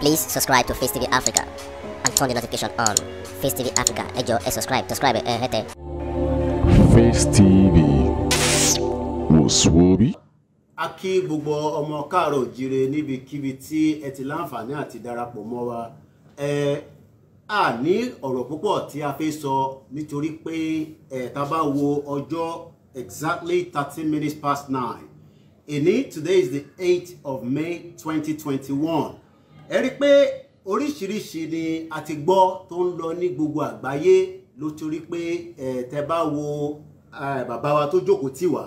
Please subscribe to Face TV Africa and turn the notification on. Face TV Africa, ẹ jọ̀ọ́ ẹ subscribe, subscribe ẹ hẹ́tẹ̀. Face TV wò sùwọ́bí. A kí gbogbo ọmọ káàárọ̀ òjíire níbikíbi tí ẹ ti láǹfààní àti darapọ̀ mọ́ wa. a ní ọ̀rọ̀ púpọ̀ tí a fẹ́ sọ nítorí pé ẹ̀ tá a wo ojo exactly thirteen minutes past nine. Ini today is the eight of May twenty twenty one ẹ rí i pé oríṣiríṣi ni a ti gbọ́ tó ń lọ ní gbogbo àgbáyé ló torí pé ẹ̀ tẹ́ bá wo bàbá wa tó jókòó tì wá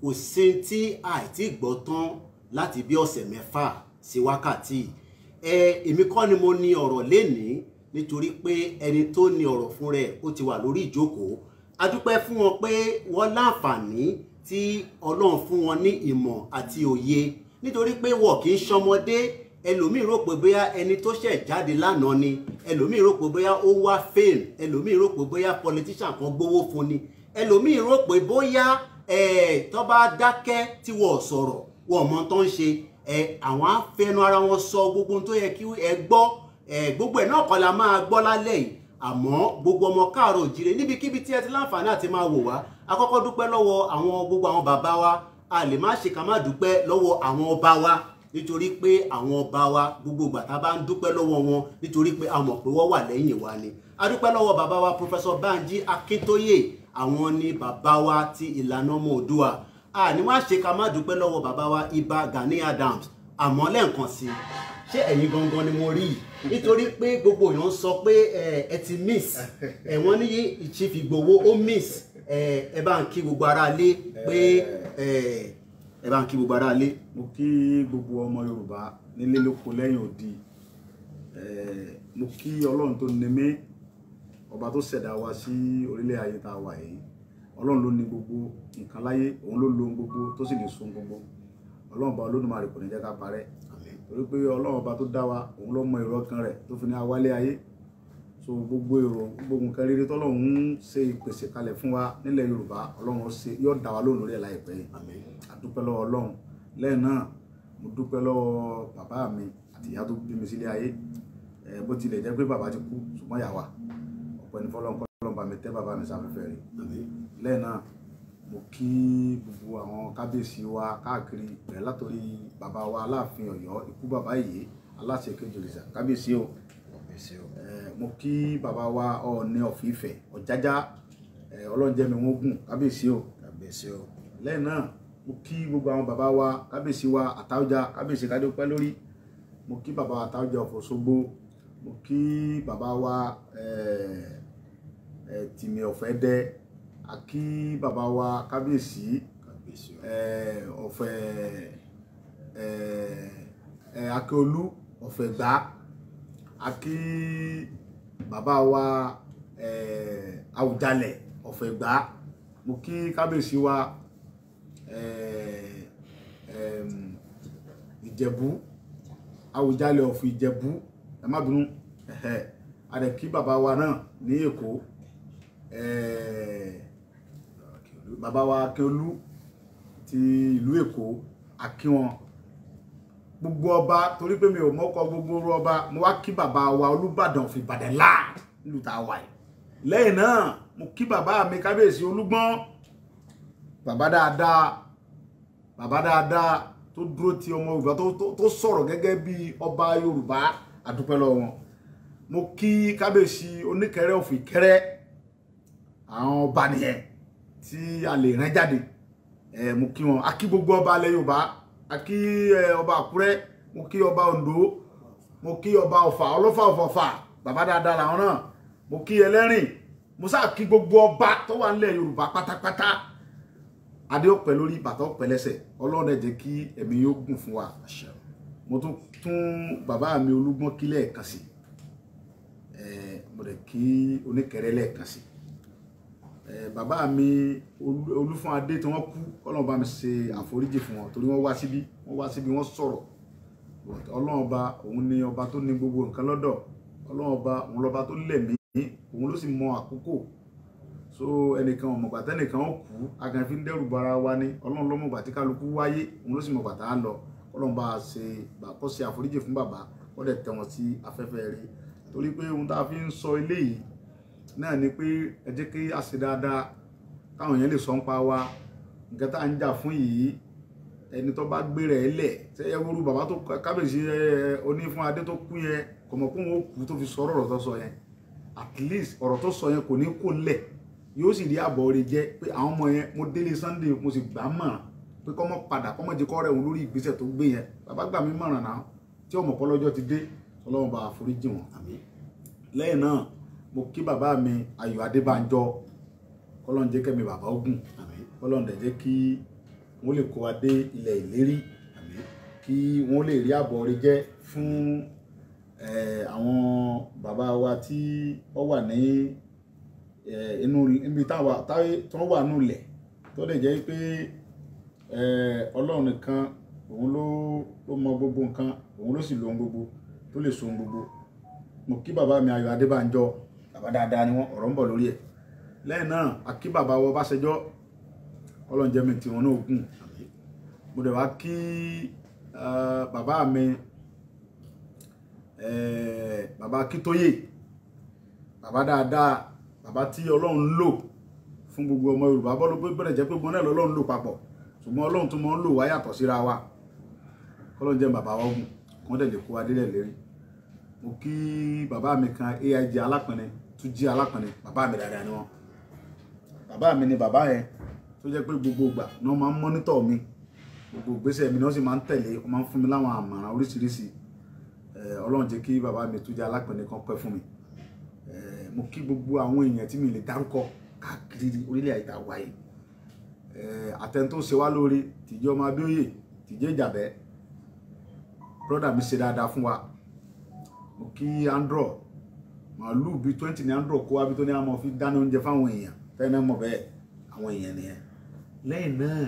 kò sí tí àìtí gbọ́ tán láti bí ọ̀sẹ̀ mẹ́fà sí wákàtí ẹ èmi kọ́ ni mo ní ọ̀rọ̀ lénìí nítorí pé ẹni tó ní ọ̀rọ̀ fún rẹ̀ ó ti wà lórí ìjókòó a fún wọn pé wọ́n láǹfààní tí Ọlọ́run fún wọn ní ìmọ̀ àti òye nítorí pé wọ́n kì í ṣọmọdé ẹlòmíì rò pé bóyá ẹni tó ṣẹ̀ jáde lánàá ni ẹlòmíì rò pé bóyá ó wá fame ẹlòmíì rò pé bóyá politician kan gbowó fún ni ẹlòmíì rò pé bóyá tó bá dákẹ́ tí wọ́n sọ̀rọ̀ wọ́n mọ tó ń ṣe àwọn afẹnu ara wọn sọ gbogbo tó yẹ kí ẹ gbọ́ gbogbo ẹ̀ náà kọ́ la máa gbọ́ lálẹ́ yìí àmọ́ gbogbo ọmọ káàárọ̀ òjìrè níbikíbi tí ẹ ti láǹfààní àti máa wò wá akọ́kọ́ dúpẹ́ lọ́wọ́ àwọn gbogbo àwọn bàbá wa a lè má ṣe ká má dúpẹ́ lọ́wọ́ àwọn ọba wa nítorí pé àwọn ọba wa gbogbo ìgbà tá a bá ń dúpẹ́ lọ́wọ́ wọn nítorí pé a mọ̀ pé wọ́n wà lẹ́yìn wa ni a dúpẹ́ lọ́wọ́ bàbá wa Professor Banji Akintoye àwọn ni bàbá wa ti ìlànà ọmọ Oòduà a ní wá ṣe ká má dúpẹ́ lọ́wọ́ bàbá wa Ìbà Gani Adams àmọ́ lẹ́ǹkan sí ṣé ẹ̀yin gangan ni mo rí yìí nítorí pé gbogbo èèyàn sọ pé ẹ ti miss ẹ wọ́n ní Chief Igboho ó miss ẹ bá ń kí gbogbo aráalé pé ẹ bá ń kí gbogbo aráalé. mo kí gbogbo ọmọ yorùbá nílé lóko lẹ́yìn odi mo kí ọlọ́run tó ní mí ọba tó ṣẹ̀dá wa sí orílẹ̀ ayé tá a wà yìí ọlọ́run ló ní gbogbo nǹkan láyé òun ló lo gbogbo tó sì lè so gbogbo ọlọ́run bá olódùmarè kò ní jẹ́ ká parẹ́ torí pé ọlọ́run ọba tó dá wa òun ló mọ èrò ọkàn rẹ̀ tó fi ní awálé ayé so gbogbo èrò gbogbo nǹkan rere tọ́lọ́run ń ṣe ìpèsè kalẹ̀ fún wa nílẹ̀ yorùbá ọlọ́run yóò dá wa lóhùn lórí láìpẹ́ dúpẹ́ lọ́wọ́ ọlọ́run lẹ́yìn náà mo dúpẹ́ lọ́wọ́ bàbá mi àti ìyá tó bí mi sílé ayé bó tilẹ̀ jẹ́ pé bàbá ti kú ṣùgbọ́n ìyá wa ọ̀pọ̀ ẹni fọlọ́n kọ́ lọ́n bá mi tẹ́ bàbá mi sáfẹ́fẹ́ rẹ̀ lẹ́yìn náà mo kí gbogbo àwọn kábíyèsí wa káàkiri bẹ̀rẹ̀ látòrí bàbá wa aláàfin ọ̀yọ́ ikú bàbá yìí aláṣẹ kejì òrìṣà kábíyèsí o mo kí bàbá wa ọ̀ọ́ni ọ̀fìfẹ́ ọ̀jájá ọlọ́njẹ́mi wọ́n gùn kábíyèsí o lẹ́yìn náà mo kí gbogbo àwọn bàbá wa kábíyèsí wa àtàwùjá kábíyèsí kádópẹ́ lórí mo kí bàbá wa àtàwùjá ọ̀fọ̀ṣogbo mo kí bàbá wa eh, eh, tìmì ọ̀fẹ́ dẹ́ a kí bàbá wa kábíyèsí eh, ọ̀fẹ́ akíolú ọ̀fẹ́ gbá a kí bàbá wa àwùjalẹ̀ ọ̀fẹ́ gbá mo kí kábíyèsí wa. Eh, ìjẹ̀bú àwùjalẹ̀ ọ̀fù ìjẹ̀bú ẹ má bínú àdẹ̀kí bàbá wa náà ní èkó eh, bàbá wa akínolú ti ìlú èkó akínwọn gbogbo ọba torí pé mi ò mọ́kọ gbogbo orú ọba mo wá kí bàbá wa olúbàdàn fi ìbàdàn láà nílùú tá a wà yìí lẹ́yìn náà mo kí bàbá mi kábíyèsí olúgbọ́n bàbá dáadáa bàbá dáadáa tó dúró ti ọmọ yorùbá tó sọ̀rọ̀ gẹ́gẹ́ bí ọba yorùbá àdúpẹ́ lọ́wọ́ wọn mo kí kábíyèsí oníkẹrẹ òfin kẹrẹ àwọn ọba nìyẹn tí a lè rán jáde ẹ mo kí wọn a kí gbogbo ọba alẹ yorùbá a ọba àkúrẹ́ mo kí ọba oǹdó mo kí ọba ọ̀fà ọlọ́fà ọ̀fọ̀fà bàbá dáadáa làwọn náà mo kí ẹlẹ́rìn mo sáà kí gbogbo ọba tó wà nílẹ̀ yorùbá pátápátá adé ọ̀pẹ lórí bàtà ọ̀pẹ lẹ́sẹ̀ ọlọ́run ẹ jẹ́ kí ẹ̀mí yóò gùn fún wa mo tún tún bàbá mi olúgbọ́n kí lẹ́ẹ̀kan sí mo dẹ̀ kí oníkẹrẹ lẹ́ẹ̀kan sí bàbá mi olúfọ́n adé tí wọ́n kú ọlọ́run bá mi ṣe àforíjì fún wọn torí wọ́n wá síbí wọ́n wá síbí wọ́n sọ̀rọ̀ ọlọ́run ọba òun ni ọba tó ní gbogbo nǹkan lọ́dọ̀ ọlọ́run ọba òun lọ́ba tó lẹ̀mí òun ló sì mọ àkókò so ẹnìkan ọmọgbà tẹnìkan ó kú agànfin dẹrù bara wa ní ọlọ́run lọ́mọgbà tí kálukú wáyé òun ló sì mọ̀gbà tá a lọ ọlọ́run bá a ṣe kó ṣe àforíjì fún bàbá ó dẹ̀ tẹ̀ wọ́n sí afẹ́fẹ́ rẹ̀ torí pé ohun tá a fi ń sọ eléyìí náà ni pé ẹ jẹ́ kí a ṣe dáadáa káwọn èèyàn lè sọ ń pa wa nǹkan tá à ń jà fún yìí ẹni tó bá gbé rẹ̀ lẹ̀ ṣe ẹ wúru bàbá tó kábíyèsí ẹ oní fún adé tó kú yẹn kọ̀mọ̀kún ó kú tó fi sọ ọ̀rọ̀ tó sọ yẹn at least ọ̀rọ̀ tó sọ yẹn kò ní kó lẹ̀ yóò sì rí àbọ̀ rẹ̀ jẹ́ pé àwọn ọmọ yẹn mo délé Sunday mo sì gbà mọ̀ràn pé kọ́mọ padà kọ́mọ jẹ́ kọ́ rẹ̀ òun lórí ìgbésẹ̀ tó gbé yẹn bàbá gbà mí mọ̀ràn náà tí ọmọ pọlọ́jọ́ ti dé Ọlọ́run bá foríjì wọn àmín lẹ́yìn náà mo kí bàbá mi Ayọ̀ Adébánjọ kọ́lọ́n jẹ́ kẹ́mi bàbá ogun àmín kọ́lọ́n dẹ̀ jẹ́ kí wọ́n lè kó wa dé ilẹ̀ ìlérí àmín kí wọ́n lè rí àbọ̀ rẹ̀ jẹ́ fún àwọn bàbá wa tí wọ́n wà ní inú ibi táwa táwé tó wà nù lẹ̀ tó lè jẹ́ pé ọlọ́run nìkan òun ló ló mọ gbogbo nǹkan òun ló sì lo ohun gbogbo tó lè so ohun gbogbo mo kí bàbá mi Ayọ̀ Adébánjọ bàbá dáadáa ni wọn ọ̀rọ̀ ń bọ̀ lórí ẹ̀ lẹ́yìn náà a bàbá wọ Báṣẹjọ́ ọlọ́run jẹ́ mi tiwọn náà gùn mo dẹ̀ wá kí bàbá mi bàbá Akíntóyè bàbá dáadáa àbá tí ọlọ́run lò fún gbogbo ọmọ yorùbá bọ́ ló pé bẹ̀rẹ̀ jẹ́ pé gbọ́n náà lọ́lọ́run lò papọ̀ ṣùgbọ́n ọlọ́run tó máa ń lò wá yàtọ̀ síra wa kọ́lọ́n jẹ́ bàbá wa ogun kọ́n dẹ̀ lè kó adélẹ̀ lérí mo kí bàbá mi kan aig alápẹ̀nẹ tún jí alápẹ̀nẹ bàbá mi dáadáa ni wọn bàbá mi ni bàbá yẹn tó jẹ́ pé gbogbo ìgbà ni wọ́n máa ń mọ́nítọ̀ mi gbogbo ìgbésẹ̀ mi ni wọ́n sì máa ń tẹ̀lé wọ́n máa ń fún mi mo kí gbogbo àwọn èèyàn tí mi lè dárúkọ káàkiri orílẹ̀ àìta wáyé àtẹn tó ṣe wá lórí tìjẹ́ ọmọ abíóyè tìjẹ́ ìjàbẹ́ brọ́dà mi ṣe dáadáa fún wa mo kí andro màálù bíi twenty ní andro kó wá bí tó ní àmọ́ fi dáná oúnjẹ fáwọn èèyàn fẹ́ẹ́ náà mọ̀ bẹ́ẹ̀ àwọn èèyàn nìyẹn lẹ́yìn náà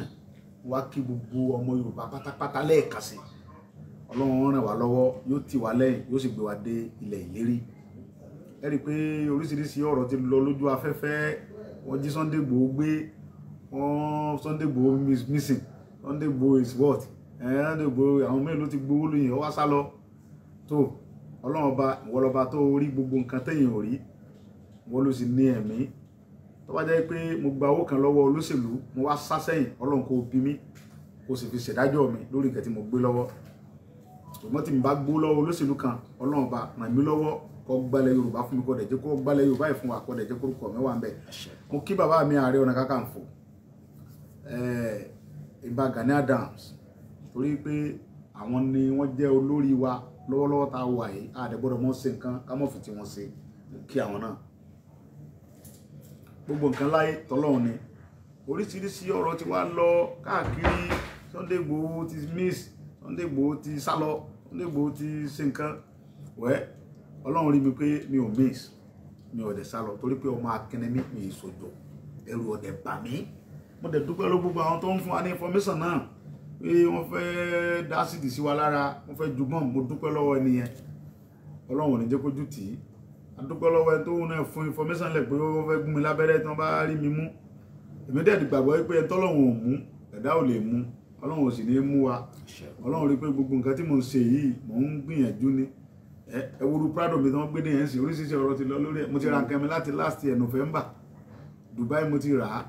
wá kí gbogbo ọmọ Yorùbá pátápátá lẹ́ẹ̀kan sí ọlọ́run ràn wá lọ́wọ́ yóò tì wá lẹ́yìn yóò sì gbé wa dé ilẹ̀ ìlérí ẹ rí i pé oríṣiríṣi ọ̀rọ̀ ti lọ lójú afẹ́fẹ́ wọ́n jí Sunday Igboho gbé wọ́n Sunday Igboho is missing Sunday Igboho is what Sunday Igboho àwọn mẹ́rin ló ti gbowó lóyìn ọ wá sá lọ tó ọlọ́run ọba ìwọlọba tó rí gbogbo nǹkan tẹ̀yìn ò rí wọ́n ló sì ní ẹ̀mí tó bá jẹ́ pé mo gba owó kan lọ́wọ́ olóṣèlú mo wá sá sẹ́yìn ọlọ́run kò bí mi kò sì fi ṣèdájọ́ mi lórí nǹkan tí mo gbé lọ́wọ́ ṣùgbọ́n tí mo bá gbó lọ́wọ́ olóṣèlú kan ọlọ́run ọba ràn lọ́wọ́ kọ́ gbálẹ̀ yorùbá fún mi kọ́ dẹ̀ jẹ́ kó gbálẹ̀ yorùbá yìí fún wa kọ́ dẹ̀ jẹ́ kórúkọ mi wà ń bẹ̀ mo kí bàbá mi ààrẹ ọ̀nà kakanfò ìbà Gani Adams torí pé àwọn ni wọ́n jẹ́ olórí wa lọ́wọ́lọ́wọ́ tá a wà yìí àdẹ́gbọ́dọ̀ mọ́ ṣe nǹkan ká mọ̀ fi tí wọ́n mo kí àwọn náà gbogbo nǹkan láyé tọ́lọ́run ni oríṣiríṣi ọ̀rọ̀ ti wá lọ káàkiri Sunday Igboho ti miss Sunday Igboho ti sálọ Sunday Igboho ti ṣe nǹkan wẹ́ẹ́ ọlọ́run rí mi pé mi ò miss mi ò dẹ̀ sá lọ torí pé ọmọ akẹ́ni mi mi ìsòjò ẹrù ọ̀dẹ̀ bà mí mo dẹ̀ dúpẹ́ ló gbogbo àwọn tó ń fún wa ní information náà pé wọ́n fẹ́ dá sídì sí wa lára wọ́n fẹ́ ju bọ́ọ̀mù mo dúpẹ́ lọ́wọ́ ẹni yẹn ọlọ́run ò ní jẹ́ kójú tì í adúpẹ́ lọ́wọ́ ẹni tó ń náà fún information lẹ̀ pé wọ́n fẹ́ gún mi lábẹ́rẹ́ tí wọ́n bá rí mi mú èmi dẹ̀ dìgbàgbọ́ pé ẹni tọ́lọ́run ò mú ẹ̀dá ò lè mú ọlọ́run ò sì ní mú wa ọlọ́run rí pé gbogbo nǹkan tí mo ń ṣe yìí mò ń gbìyànjú ni ẹwúrú prado mi tí wọ́n gbédè yẹn sí oríṣiríṣi ọ̀rọ̀ ti lọ lórí ẹ̀ mo ti ra nǹkan mi láti last year november dubai mo ti rà á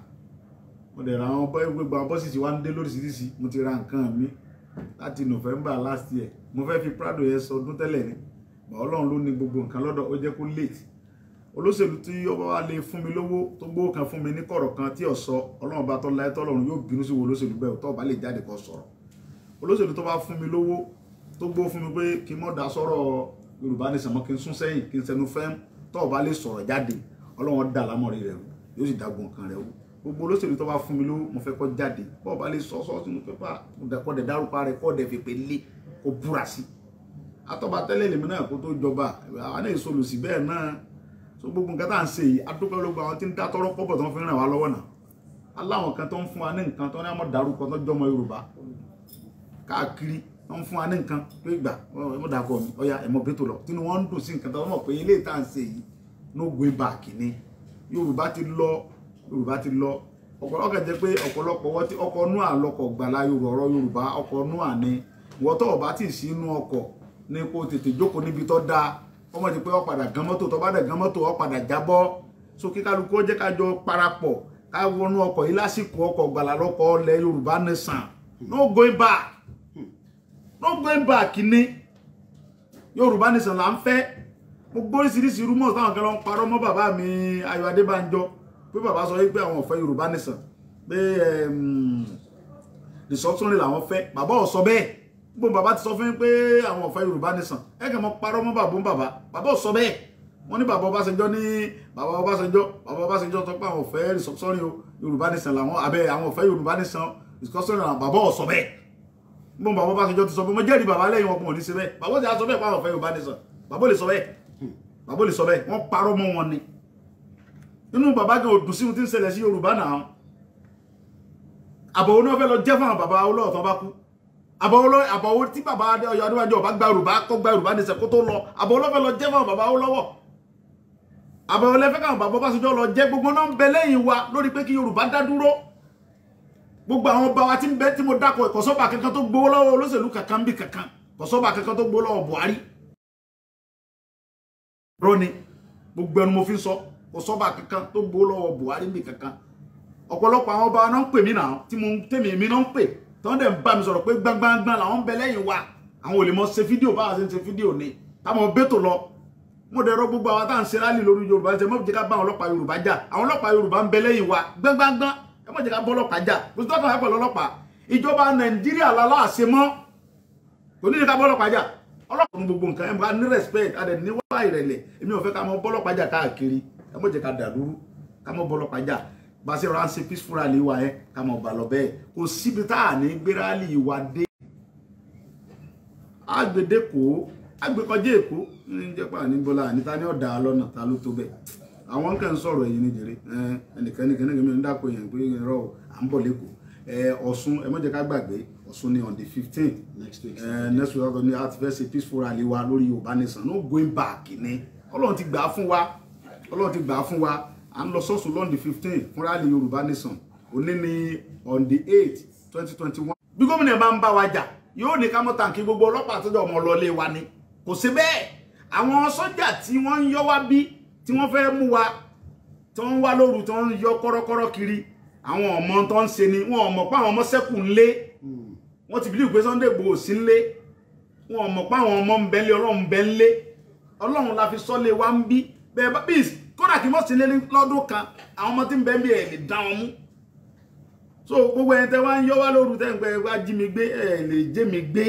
mo dẹ̀ ra àwọn gbogbo àwọn bọ́sì tí wá ń dé lóríṣiríṣi mo ti ra nǹkan mi láti november last year mo fẹ́ fi prado yẹn sọdún tẹ́lẹ̀ ni bàá ọlọ́run ló ní gbogbo nǹkan lọ́dọ̀ ó jẹ́ kó late olóṣèlú tí ọba wa lè fún mi lówó tó gbówó kan fún mi ní kọ̀rọ̀ kan tí ò sọ ọlọ́run bá tọ́ láyé tọ́lọ́run yóò bínú sí wo olóṣèlú bẹ́ẹ̀ tó bá lè jáde kó sọ̀rọ̀ olóṣèlú tó bá fún mi lówó tó gbówó fún mi pé kí n mọ̀ dá sọ́rọ̀ yorùbá ní sàmọ́ kí n sún sẹ́yìn kí n sẹnu fẹ́m tó o bá lè sọ̀rọ̀ jáde ọlọ́run dà lámọ̀rí rẹ̀ wò yóò sì dàgbọ̀n kan rẹ̀ wò gbogbo olóṣèlú tó bá fún mi ló mo fẹ́ kọ́ jáde bó o bá lè sọ sọ́ọ́ sínú pépà kọ́ dẹ̀ dárúkọ rẹ̀ kọ́ dẹ̀ fèpè lé kó búra sí i atọ́ba tẹ́lẹ̀ lèmi náà kó tó jọba àwọn náà èso lòsì bẹ́ẹ̀ náà so gbogbo nǹkan tá à ń ṣe yìí adúpẹ́ ológun àwọn tí ń dá tọrọ pọ́pọ̀ tó ń fi ràn wá lọ́wọ́ náà aláwọn kan tó ń fún wa ní nǹkan tó ní àmọ́ dárúkọ tó jọmọ yorùbá káàkiri wọ́n fún wa ní nǹkan ló ìgbà ẹmọ dàkọ mi ọya ẹmọ bí tó lọ tí wọ́n ń dùn sí nǹkan tó wọ́n mọ̀ pé ilé ìta ń ṣe yìí no go back ni Yorùbá ti lọ Yorùbá ti lọ ọ̀pọ̀lọpọ̀ kẹjẹ pé ọ̀pọ̀lọpọ̀ wọ́n ti ọkọ̀ nua lọkọ̀ gbàlá Yorùbá Yorùbá ọkọ̀ nua ni wọ́n tọ̀ ọ̀bá tì sí inú ọkọ̀ ní kó tètè jókòó níbi tó dáa ọmọ ti pé ó padà gan mọ́tò tó bá dẹ̀ gan mọ́tò ó padà jábọ́ so kíkálukú ó jẹ́ ká jọ parapọ̀ ká yìí lásìkò ọkọ̀ gbàlá lọkọ̀ ilẹ̀ Yorùbá nìsan no going back no going back ni yorùbá nation là ń fẹ́ mo gbóríṣiríṣi rumors táwọn kan lọ ń parọ́ mọ́ bàbá mi ayọ̀ adébánjọ pé bàbá sọ wípé àwọn ò fẹ́ yorùbá nation pé ìsọtúnrin ehm, làwọn fẹ́ baba ò sọ bẹ́ẹ̀ gbogbo bàbá ti sọ fún pé àwọn ò fẹ́ yorùbá nation baba. kàn baba. parọ́ mọ́ bàbá bàbá bàbá baba sọ bẹ́ẹ̀ wọ́n ní bàbá ọbásanjọ́ ní bàbá ọbásanjọ́ bàbá ọbásanjọ́ tó pé àwọn ò fẹ́ ìsọtúnrin yorùbá nation làwọn àbẹ́ àwọn ò fẹ́ yorùbá nation ìsọtúnrin làwọn bàbá ò sọ bẹ́ẹ̀ mo bàbá Ọbásanjọ́ ti sọ pé mo jẹ́rìí bàbá lẹ́yìn ọgbọ̀n òní sí bẹ́ẹ̀ bàbá ti sọ bẹ́ẹ̀ pàwọn ọ̀fẹ́ Yorùbá nìsan bàbá lè sọ bẹ́ẹ̀ hmm. bàbá lè sọ bẹ́ẹ̀ wọ́n parọ́ mọ́ wọn ni inú bàbá gan òdùn sí ohun tí ń ṣẹlẹ̀ sí Yorùbá náà àbọ̀wò náà fẹ́ lọ jẹ́ fún àwọn bàbá olóòtọ́ bá kú àbọ̀wò tí bàbá Adéwájú ọba gba Yorùbá kọ́ gba Yorùbá nìsan kó tó lọ àbọ̀wò náà fẹ́ lọ jẹ́ fún àwọn bàbá olówó àbọ̀wò wa lórí pé kí Yorùbá gbogbo àwọn ọba wa tí ń bẹ tí mo dákọ ìkọsọba kankan tó gbowó lọ́wọ́ olóṣèlú kankan bí kankan ìkọsọba kankan tó gbowó lọ́wọ́ Buhari rọni gbogbo ẹnu mo fi sọ ìkọsọba kankan tó gbowó lọ́wọ́ Buhari bí kankan ọ̀pọ̀lọpọ̀ àwọn ọba náà ń pè mí náà tí mo tèmi èmi náà ń pè tọ́wọ́n dẹ̀ ń bá mi sọ̀rọ̀ pé gbangbangbang làwọn ń bẹ lẹ́yìn wa àwọn ò lè mọ ṣe fídíò báwa ṣe ń ṣe fídíò ni táwọn bẹ́tò lọ mo dẹ̀ rọ gbogbo àwọn tá à ń ṣe rálì lórí Yorùbá ṣe mọ́ jẹ́ ká bá àwọn ọlọ́pàá Yorùbá jà àwọn ọlọ́pàá Yorùbá ń bẹ lẹ́yìn wa gbangbangbang ẹ mọ̀ jẹ́ ká bọ́lọ́pàá jà kò sí tọ́kàn ẹ̀pọ̀ lọ́lọ́pàá ìjọba nàìjíríà lálàáṣe mọ́ kò ní ní ká bọ́lọ́pàá jà ọlọ́pàá ní gbogbo nǹkan ẹ̀ bá ní respect adẹ níwá ìrẹ̀lẹ̀ èmi ò fẹ́ ká mọ bọ́lọ́pàá jà káàkiri ẹ mọ̀ jẹ́ ká dà lóru ká mọ bọ́lọ́pàá jà bá a ṣe rọra ń ṣe peaceful rally wa ẹ ká mọ bà lọ bẹ́ẹ̀ kò síbi tá à ní gbé rally dé àgbèdè kò àgbèkọjá èkó ní jẹ́pà ní bọ́lá àníta ní ọ̀dà lọ́nà ta ló tó bẹ́ẹ̀ àwọn kan sọ̀rọ̀ ẹ̀yìn ní jèrè ẹnìkan nìkan nìkan mìíràn dákò yẹn pé irọ́ à ń bọ̀ lẹ́kọ̀ọ́ ọ̀ṣun ẹ má gbàgbé ọ̀ṣun ni on the fifteen next week next week ni a ti fẹ́ ṣe peaceful rally wa lórí yorùbá nation no going back ni ọlọ́run ti gbà á fún wa ọlọ́run ti gbà á fún wa à ń lọ sọ́ọ̀sùn lọ́n the fifteen fún rally yorùbá nation òní ni on the eight twenty twenty one. bí gómìnà bá ń bá wa jà yóò ní ká mọ́ tàǹkì gbogbo ọlọ́pàá àtọ́jọ́ ọmọ ọlọ́lé wa ni kò sí bẹ́ẹ̀ àwọn sọ́jà tí wọ́n ń yọ wá bí tí wọ́n fẹ́ mú wa tó ń wá lóru tó ń yọ kọ́rọ́kọ́rọ́ kiri àwọn ọmọ tó ń ṣe ni wọn ò mọ̀ pé àwọn ọmọ sẹ́kù ńlé hmm. wọ́n ti bílíù pé Sunday Igboho sí ńlé wọn ò mọ̀ pé àwọn ọmọ ń bẹ ńlé ọlọ́run bẹ ńlé ọlọ́run la fi sọ́lé wa ń bí bẹ́ẹ̀ bá bí kódà kí wọ́n sì lé lọ́dún kan àwọn ọmọ tí ń bẹ ń bí ẹ̀ lè dá wọn mú so gbogbo ẹni tẹ́ wá ń yọ wá lóru tẹ́ ń pẹ́ wá jí mi gbé ẹ̀ lè jẹ́ mi gbé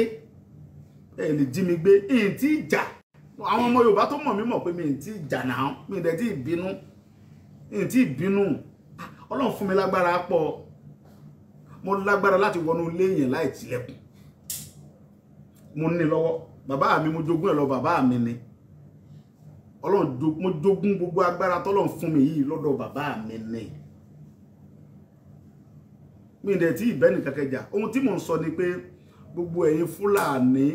ẹ̀ lè jí mi gbé ẹ̀ tí jà àwọn ọmọ Yorùbá tó mọ̀ mí mọ̀ pé mi ì tí ì jànà mi ì dẹ̀ tí ì bínú mi ì tí ì bínú Ọlọ́run fún mi lágbára pọ̀ mo lágbára láti wọnú ilé yẹn láì tilẹ̀kùn mo ní lọ́wọ́ bàbá mi mo jogún ẹ̀ lọ bàbá mi ni ọlọ́run mo jogún gbogbo agbára tọ́lọ́run fún mi yìí lọ́dọ̀ bàbá mi ni mi ì dẹ̀ tí ì bẹ́ẹ̀ nìkan kẹjà ohun tí mò ń sọ ni pé gbogbo ẹ̀yin Fúlàní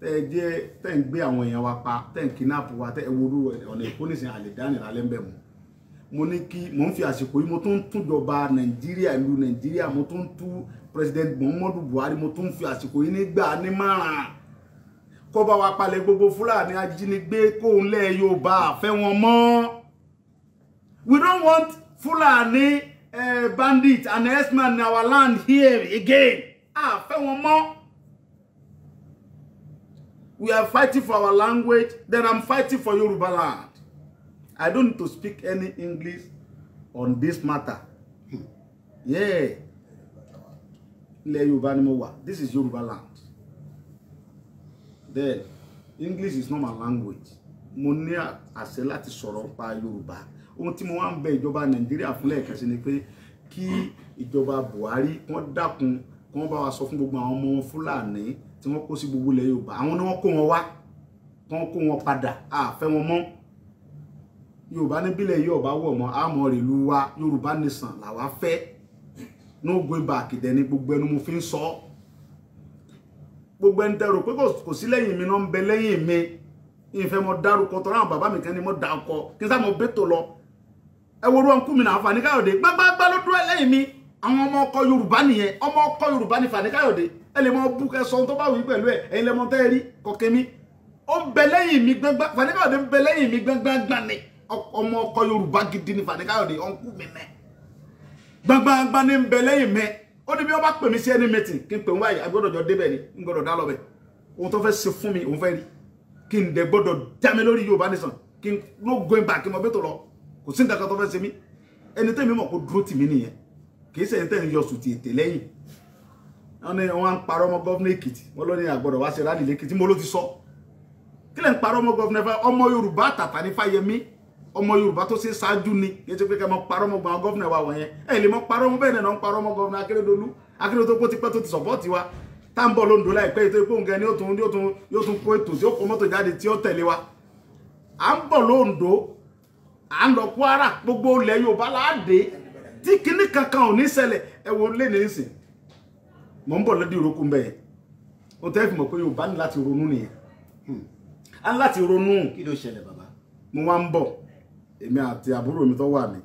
tẹ́ ẹ ń gbé àwọn èèyàn wa pa tẹ́ ń kidnap wa tẹ́ ẹ wo ọ̀nà èkó nìsín àlèdánilá lẹ́ńbẹ̀ mu mo ní kí mo ń fi àsìkò yìí mo tún ń túnjọba nàìjíríà ìlú nàìjíríà mo tún ń tú president muhammadu buhari mo tún ń fi àsìkò yìí nígbà ní márùn kó bá wa palẹ̀ gbogbo fúlàní ajínigbé kóun lẹ̀ yorùbá àfẹ́ wọn mọ́ we don't want fúlàní uh, eh, bandit, and herdsmen in our land here again àfẹ́ wọn mọ́. We are fighting for our language. Then I'm fighting for Yoruba land. I don't need to speak any English on this matter. Hmm. yeah. Ilẹ̀ Yorùbá ni mo wà. This is Yoruba land. Then English is not my language. Monia ní àṣẹ láti pa Yoruba. Ohun tí mo wá ń bẹ ìjọba Nàìjíríà fún lẹ́ẹ̀kan sí ni pé kí ìjọba Buhari wọ́n dákun kí wọ́n wa sọ fún gbogbo àwọn ọmọ Fúlàní tí wọ́n kó sí gbogbo ilẹ̀ Yorùbá àwọn ni wọ́n kó wọn wá wọ́n kó wọn padà àfẹ́ wọn mọ́ Yorùbá níbílẹ̀ Yorùbá wọ̀ mọ́ àmọ́ ìlú wa Yorùbá nìsàn làwa fẹ́ no going back dẹ̀ ni gbogbo ẹnu mo fi ń sọ ọ́ gbogbo ẹni tẹrù pé kò sí lẹ́yìn mi náà ń bẹ lẹ́yìn mi ìfẹ́ mọ dárúkọ tọ́ra àwọn bàbá mi kan ni mo dá ọkọ kí n sá mo bẹ́tò lọ ẹ wo ruwan kú mi náà Fani Káyọ̀dé gbágbágbá ló dúró lẹ́yìn mi àwọn ọmọ ọkọ Yorùbá nìyẹn ọmọ ọkọ Yorùbá ni Fani ẹ lè mọ bú kẹ sọ ohun tó bá wù í pẹ̀lú ẹ ẹ̀yin lè mọ tẹ́ ẹ rí kọ̀kẹ́ mi ó ń bẹ lẹ́yìn mi gbangba fàdékàyọ̀dé ń bẹ lẹ́yìn mi gbangbangba ni ọmọ ọkọ yorùbá gidi ni fàdékàyọ̀dé ọ̀nkú mi mẹ́ gbangbangba ni ń bẹ lẹ́yìn mẹ́ ó ní bí wọ́n bá pè mí sí ẹni mẹ́tì kí n pè wọ́n àyè agbọ́dọ̀ jọ débẹ̀ ni n gbọ́dọ̀ dá lọ́bẹ̀ ohun tó fẹ́ ṣe fún mi òun fẹ́ rí kí n dẹ̀ gbọ́dọ̀ já mi lórí yorùbá nìsan kí n ló going back kí n mọ bí tó lọ kò sí nǹkan kan tó fẹ́ ṣe mí ẹni tẹ́mi mọ̀ kó dúró tì mí nìyẹn kì í ṣe tẹ́ ń yọ sùtì ètè wọ́n ni wọ́n á ń parọ́ èkìtì wọ́n ló ní àgbọ̀dọ̀ wá ṣe rálì lẹ́kìtì mo ló ti sọ kí lẹ́ ń parọ́ mọ́ gọ́vnà fẹ́ ọmọ yorùbá àtàtà ní fáyemí ọmọ yorùbá tó ṣe ṣáájú ni kí ẹ ti pé kẹ́ mọ́ parọ́ mọ́ gbọ́n gọ́vnà wa wọ̀nyẹn ẹ lè mọ́ parọ́ mọ́ bẹ́ẹ̀ náà ń parọ́ mọ́ gọ́vnà akérèdọ́lù akérèdọ́lù ti pẹ́ tó ti sọ̀pọ́ọ̀tì wa tá ń bọ̀ lóńdó láìpẹ́ ètò ìpóhùn gan ni yóò tún yóò tún kó ètò tí ó kó mọ́tò jáde tí ó tẹ̀lé wa à ń bọ̀ lóńdó à ń lọ Kwara gbogbo ilẹ̀ yorùbá láàdé tí kinní kankan ò ní ṣẹlẹ̀ ẹ wo lé ní ìsìn mọ̀ ń bọ̀ lọ́dí ìrókò mbẹ́ yẹn o tẹ́ fi mọ̀ pé Yorùbá ní láti ronú nìyẹn hmm. a ní láti ronú kí ló ṣẹlẹ̀ bàbá mo wá ń bọ̀ èmi àti àbúrò mi tó wà mí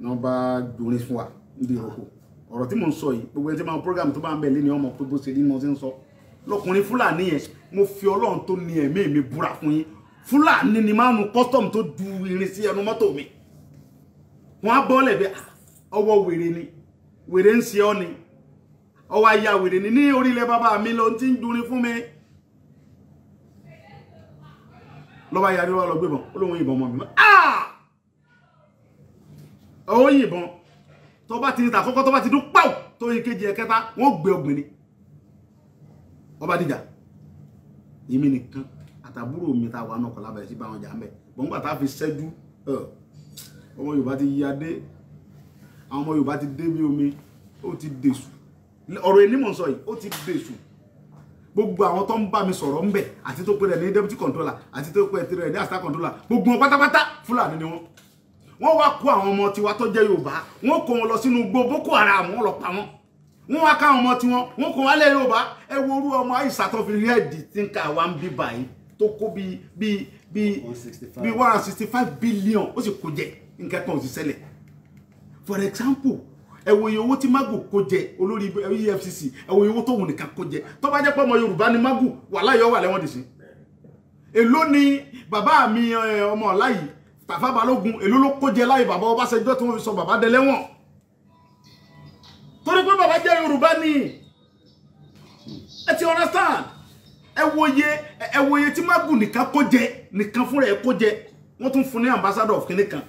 ni wọ́n bá dorin fún wa níbi ìrókò ọ̀rọ̀ tí mò ń sọ yìí gbogbo ẹni tí máa program tó bá ń bẹ̀ lé ni ọmọ pé bó ṣe ní mo ti ń sọ lọkùnrin Fúlàní yẹn mo fi Ọlọ́run tó ní ẹ̀mí mi búra fún yín Fúlàní ni máa ń nu custom tó du irin sí ẹnu mọ́tò mi wọ́n á bọ́ lẹ̀ bí ah, ọwọ́ wèrè ni wèrè ń ṣe ọ́ ni ọwọ́ ya àwèrè ní ní orílẹ̀ baba mi ló ti ń durin fún mi lọ́ba yarí wa lọ gbébọn ó lóun yìnbọn mọ́ mi mọ́ ah! ó yìnbọn tó bá ti ní tàkọ́kọ́ tó bá ti dún pàù tó yí kejì ẹ̀kẹta wọ́n gbé ọgbìn ni ọba dìjà èmi nìkan àtàbúrò mi ta wà náà kọ̀ lábẹ́ sí báwọn jà ń bẹ̀ bọ́ngbà tá a fi seju. ọmọ Yorùbá ti yade. adé àwọn ọmọ Yorùbá ti dé bí omi ó ti dèṣù ọ̀rọ̀ èmi mò ń sọ yìí ó ti dèṣù gbogbo àwọn tó ń bá mi sọ̀rọ̀ ń bẹ̀ àti tó pe rẹ̀ ní deputy controller àti tó pe rẹ̀ ní assistant controller gbogbo wọn pátápátá fúlàní ni wọn wọn wá kó àwọn ọmọ tiwa tó jẹ́ yorùbá wọn kó wọn lọ sínú igbó boko haram wọn lọ pa wọn wọn wá káwọn ọmọ tiwọn wọn kó wọn lẹ yorùbá ẹ wo orú ọmọ àìsà tó rí ẹdì tí ń ka wa ń bí báyìí tó kó bíi bíi bíi bíi one sixty five billion ó sì kó jẹ nǹkan kan ò sì ṣẹlẹ̀ for example ẹ wo iye owó tí magu kó jẹ olórí EFCC ẹ wo iye owó tóun nìkan kó jẹ tó bá jẹ́ pé ọmọ Yorùbá ni magu wà láyọ̀ wà lẹ́wọ̀n dìsín èló ni bàbá mi ọmọ ọ̀la yìí Tafa Balógun èló ló kó jẹ láyé bàbá Ọbásanjọ́ tí wọ́n fi sọ bàbá dẹlẹ́wọ̀n torí pé bàbá jẹ́ Yorùbá ni ẹ ti understand ẹ wo iye ẹ wo iye tí magu nìkan kó jẹ nìkan fúnra ẹ kó jẹ wọ́n tún fún ní ambassador kìnìkan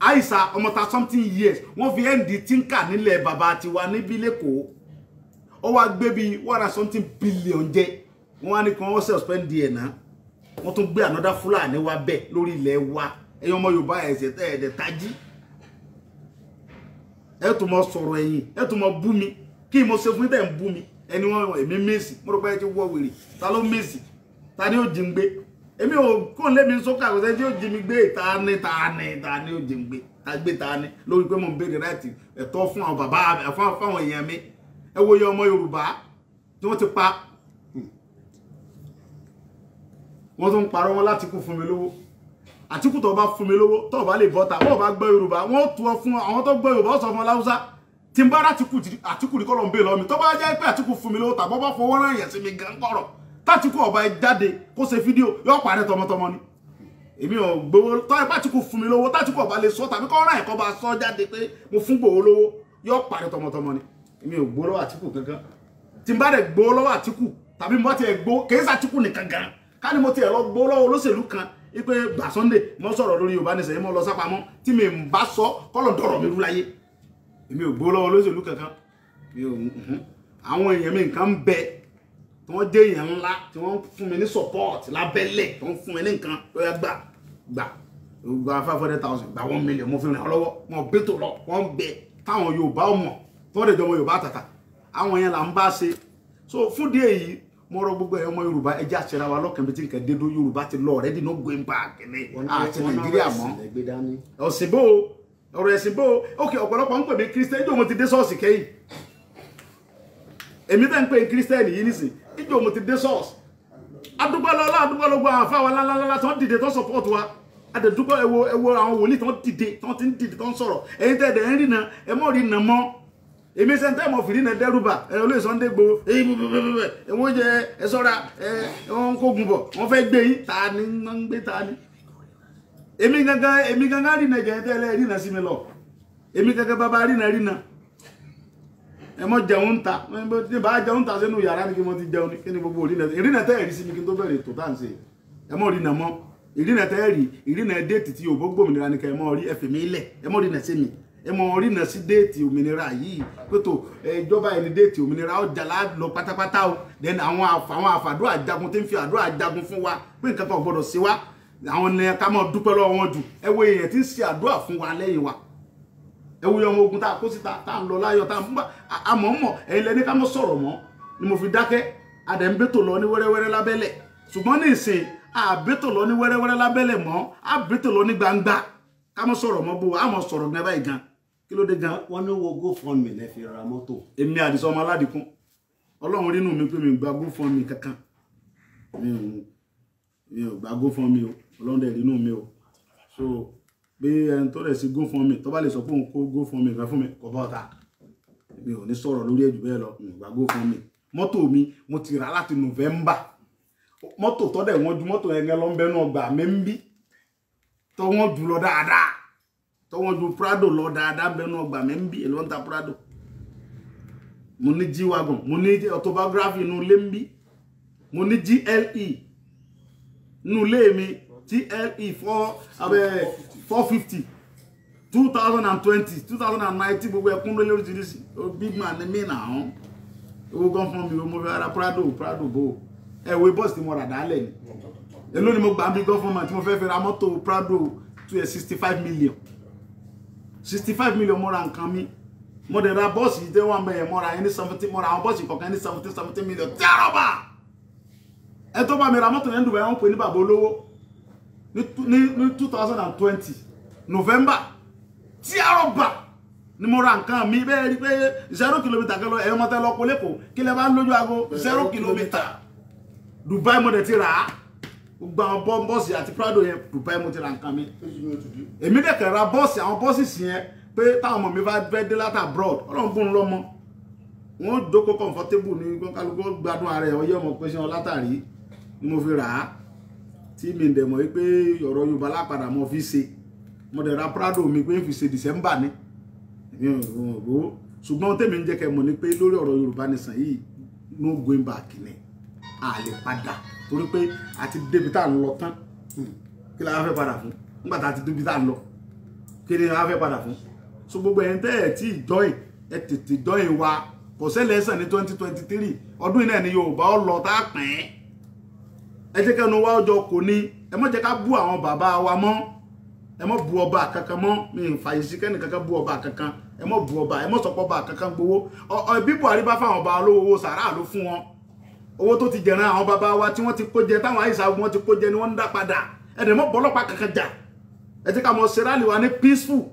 aisha ọmọ ta something years wọ́n fi ẹ́ǹdì tínkà nílẹ̀ bàbá tiwa níbí lẹ́kọ̀ọ́ ó wá gbé bíi one are something billion jẹ wọ́n wá ní kí wọ́n suspend díẹ̀ náà wọ́n tún gbé another fúlàní wa bẹ́ẹ̀ lórí ilẹ̀ wa ẹ̀yin ọmọ yorùbá ẹ̀sẹ̀ ẹ̀ẹ́dẹ̀ tají ẹ̀ tún mọ sọ̀rọ̀ ẹ̀yìn ẹ̀ tún mọ bú mi kí mo ṣe fún tẹ̀ ń bú mi ẹni wọn èmi mèsì mo rò pé ẹ ti wọ wèrè ta ló mèsì ta ni ó jí ń gbé èmi ò kó lé mi sókà kò sẹ́ni tí ó jí mi gbé ta ni ta ni ta ni ó jí mi gbé ta gbé ta ni lórí pé mo ń béèrè láti ẹ̀tọ́ fún àwọn bàbá fáwọn èèyàn mi ẹ wo iye ọmọ Yorùbá tí wọ́n ti pa wọ́n tún ń parọ́ wọn láti kú fún mi lówó àtìkù tó bá fún mi lówó tó bá lè bọ́ta wọ́n bá gbọ́ Yorùbá wọ́n tu ọ fún àwọn tó gbọ́ Yorùbá ó sọ fún ọ láwùsá tí n bá rà àtìkù àtìkù ní kọ́ lọ́n bẹ́ẹ̀ lọ́mi tó bá jẹ́ pé àtìkù fún mi lówó tàbọ́ bá fọwọ́ rán èèyàn sí mi gan kọ̀rọ̀ tátìkù ọba ẹ jáde kó ṣe fídíò yóò parẹ́ tọmọtọmọ ni èmi ò gbowó tọ́ tátìkù fún mi lówó tátìkù ọba lè sọ tàbí kọ́ ọ̀ràn ẹ̀kọ́ bá sọ jáde pé mo fún gbòó lówó yóò parẹ́ tọmọtọmọ ni èmi ò gbowó lọ́wọ́ àtìkù kankan tí n bá dẹ̀ gbowó lọ́wọ́ àtìkù tàbí mo ti ẹ̀ gbowó kèé sàtìkù nìkan gan ká ní mo ti ẹ̀ lọ gbowó lọ́wọ́ olóṣèlú kan ipe gbà Sunday mo sọ̀rọ̀ lórí Yorùbá nìṣẹ́ mo lọ sápamọ́ tí mi ń bá sọ kọ́lọ̀ dọ̀rọ̀ mi rú láyé èmi ò gbowó lọ́wọ́ olóṣèlú kankan mhm. àwọn èèyàn mi nǹkan ń bẹ tí wọ́n jẹ́ èèyàn ńlá tí wọ́n fún mi ní support lábẹ́lẹ̀ tí wọ́n fún mi ní nǹkan tó yẹ gbà gbà gba five hundred thousand gba one million mo fi ràn án lọ́wọ́ wọn bẹ́ tó lọ wọ́n bẹ táwọn Yorùbá mọ̀ tí wọ́n lè jọmọ Yorùbá tàtà àwọn yẹn là ń bá ṣe so fún díẹ̀ yìí mo rọ gbogbo ẹ̀yọ́ ọmọ Yorùbá ẹ jẹ́ àṣẹra wa lọ́kàn bí tí nǹkan dédó Yorùbá ti lọ ọ̀rẹ́dì no going back ní àti Nàìjíríà mọ́ ọ̀sìn bó ọ̀rọ̀ ẹ̀sìn bó ok ọ̀pọ̀lọpọ̀ ń pè mí kírísítẹ́nì jòwó ti dé ṣọ́ọ̀ṣì kẹ́yìn èmi tẹ́ ń pè kírísítẹ́nì yìí nísìnyí níjọ́ mo ti dé sọ́ọ̀sì adúgbọ́lọ́lá adúgbọ́lọ́gbọ́ àfáwà lálálálá tán dìde tán sọ̀pọ̀tù wa adẹ̀dúgbọ́ ẹwọ ẹwọ àwọn wòlíì tán dìde tán ti ń dìde tán sọ̀rọ̀ ẹ̀yin tẹ̀dẹ̀ ń na ẹ mọ̀ rí nà mọ́ èmi sẹ́ńtẹ́ mọ̀ fìrí nà dẹ́rùbà ẹ̀ olóyè Sunday Igboho èyí bẹ́ẹ̀ ẹ̀wọ́n jẹ ẹ sọ́ra ẹ wọ́n kó gun bọ̀ wọ́n fẹ́ gbé yín ta ni wọ́n ń gbé ta ni. èmi gangan èmi gangan ẹ mọ jẹun ń ta ní bá jẹun ń ta sínú yàrá ni kí wọ́n ti jẹun ní kí ni gbogbo òrìnà ìrìnà tẹ́ ẹ̀rí sí mi kí n tó bẹ̀rẹ̀ ètò tá à ń ṣe ẹ mọ òrìnà mọ ìrìnà tẹ́ ẹ̀rí ìrìnà déètì tí òbó gbòmìnira ni kẹ́ ẹ mọ rí ẹ̀fẹ̀ mi lẹ̀ ẹ mọ òrìnà sí mi ẹ mọ òrìnà sí déètì òmìnira yìí pẹ̀tọ̀ ìjọba ẹni déètì òmìnira ọjà lọ pátápátá o then àwọn àwọn àfàdúrà jagun tí ń fi àdúrà jagun fún wa pé nǹkan kan gbọdọ̀ sí wa àwọn ni ká mọ̀ dúpẹ́ lọ́wọ́ wọn jù ẹ wo èèyàn tí ń ṣe àdúrà fún wa lẹ́yìn wa ẹwú ọmọ ogun tá a kó síta tá a ń lọ láyọ̀ tá a ń bá àmọ́ mọ̀ ẹ̀yin lẹni ká mọ́ sọ̀rọ̀ mọ́ ni mo fi dákẹ́ àdẹ̀mbẹ́tò lọ ní wẹ́rẹ́wẹ́rẹ́ lábẹ́lẹ̀ ṣùgbọ́n ní ìsìn àbẹ́tò lọ ní wẹ́rẹ́wẹ́rẹ́ lábẹ́lẹ̀ mọ́ àbẹ́tò lọ ní gbangba ká mọ́ sọ̀rọ̀ mọ́ bó àmọ́ sọ̀rọ̀ gbẹ́ báyìí gan kí ló dé gan. wọn ní wo GoFundMe lẹ fi ra mọ́tò. èmi àdìsọ ọmọ aládìkún Ọlọ́run rínú mi pé mi gba GoFundMe kankan mi ò gba GoFundMe o Ọlọ́run dẹ̀ rínú mi o so bí ẹni tó rẹ̀ sí GoFundMe tó bá lè sọ fún kó GoFundMe kan fún mi kò bá ọ̀tà mi ò ní sọ̀rọ̀ lórí ẹ̀jù bẹ́ẹ̀ lọ ìgbà GoFundMe mọ́tò mi mo ti rà láti November mọ́tò tọ́dẹ̀ wọ́n ju mọ́tò ẹ̀gẹ́ lọ ń bẹnu ọgbà mi ń bí tọ́ wọ́n jù lọ dáadáa tọ́ wọ́n ju Prado lọ dáadáa bẹnu ọgbà mi ń bí èló ń ta Prado mo ní G-Wagon mo ní autobiography inú ilé ń bí mo ní GLE inú ilé mi GLE fọ́ abẹ́ four fifty two thousand and twenty two thousand and nineteen gbogbo ẹkún ló lórí jìnnìsì big man ni mí nà án owó gan fún mi mo fẹ́ ra prado prado bò ẹ̀wé bọ́ọ̀sì tí mo rà dálẹ̀ ni èló ni mo gbà bí gọ́fọ̀mà tí mo fẹ́ fi ra mọ́tò prado tó yẹ sixty five million sixty five million mo ra nǹkan mi mo dẹ̀ ra bọ́ọ̀sì yìí tẹ́ wọ́n mẹ́yẹ̀ mo ra ẹni seventeen mo ra àwọn bọ́ọ̀sì kọ̀ọ̀kan ẹni seventeen seventeen million tẹ́rọ̀bà ẹ tó bá mi ra mọ́tò yẹn dùbẹ̀ ẹ̀ ń pè ní bàbá olówó ní two thousand and twenty november tí àrò bà ni mo ra nǹkan mi bẹ́ẹ̀ rí pé zero kilometre kan lọ ẹ̀yọ́ mọ́tẹ́ lọ kó lẹ́kọ̀ọ́ kí lẹ bá ń lójú aago zero kilometre dubai mo dẹ̀ ti rà á gbogbo àwọn bọ́ọ̀sì àti prado yẹn dubai mo ti ra nǹkan mi èmi dẹ̀ kẹ̀ ra bọ́ọ̀sì àwọn bọ́ọ̀sì sì yẹn pé táwọn ọmọ mi bá fẹ́ dé láti abroad ọlọ́run bùn lọ́mọ wọn ó dókó comfortable ní kálukú gbádùn ara ẹ̀ ọyẹ́ ọmọ pẹ́sẹ́ wọn látàrí ni mo fi rà á tí mi dẹ̀ mọ̀ pé ọ̀rọ̀ Yorùbá lápadà mọ́ fi ṣe mo dẹ̀ ra Prado mi pé n fi ṣe December ni mi ò gbó ṣùgbọ́n tèmi ń jẹ́ kẹ́ mọ̀ ni pé lórí ọ̀rọ̀ Yorùbá nìsàn yìí no going back ni a lè padà torí pé a ti débi tá à ń lọ tán hmm. kí la fẹ́ padà fún nígbà tá a ti débi tá à ń lọ kí ni a fẹ́ padà fún so gbogbo ẹ̀yin tẹ́ ẹ̀ tí ì join tètè join wa kò sẹ́lẹ̀ ẹ̀sán ní twenty twenty three ọdún yìí náà ni Yorùbá ó lọ tá a pín ẹ jẹ́ kẹ́nu wá ọjọ́ kò ní ẹ má jẹ́ ká bú àwọn bàbá wa mọ́ ẹ má bú ọba kankan mọ́ mi ò fàyè sí kẹ́ni kankan bú ọba kankan ẹ má bú ọba ẹ má sọpọ̀ ọba kankan gbowó bí Buhari bá fáwọn ọba olówó owó sàrà ló fún wọn owó tó ti jẹran àwọn bàbá wa tí wọ́n ti kó jẹ táwọn àyíṣà wọn ti kó jẹ ni wọ́n ń dá padà ẹ dẹ̀ mọ́ bọ́lọ́pàá kankan jà ẹ jẹ́ ká mọ̀ ṣe wa ní peaceful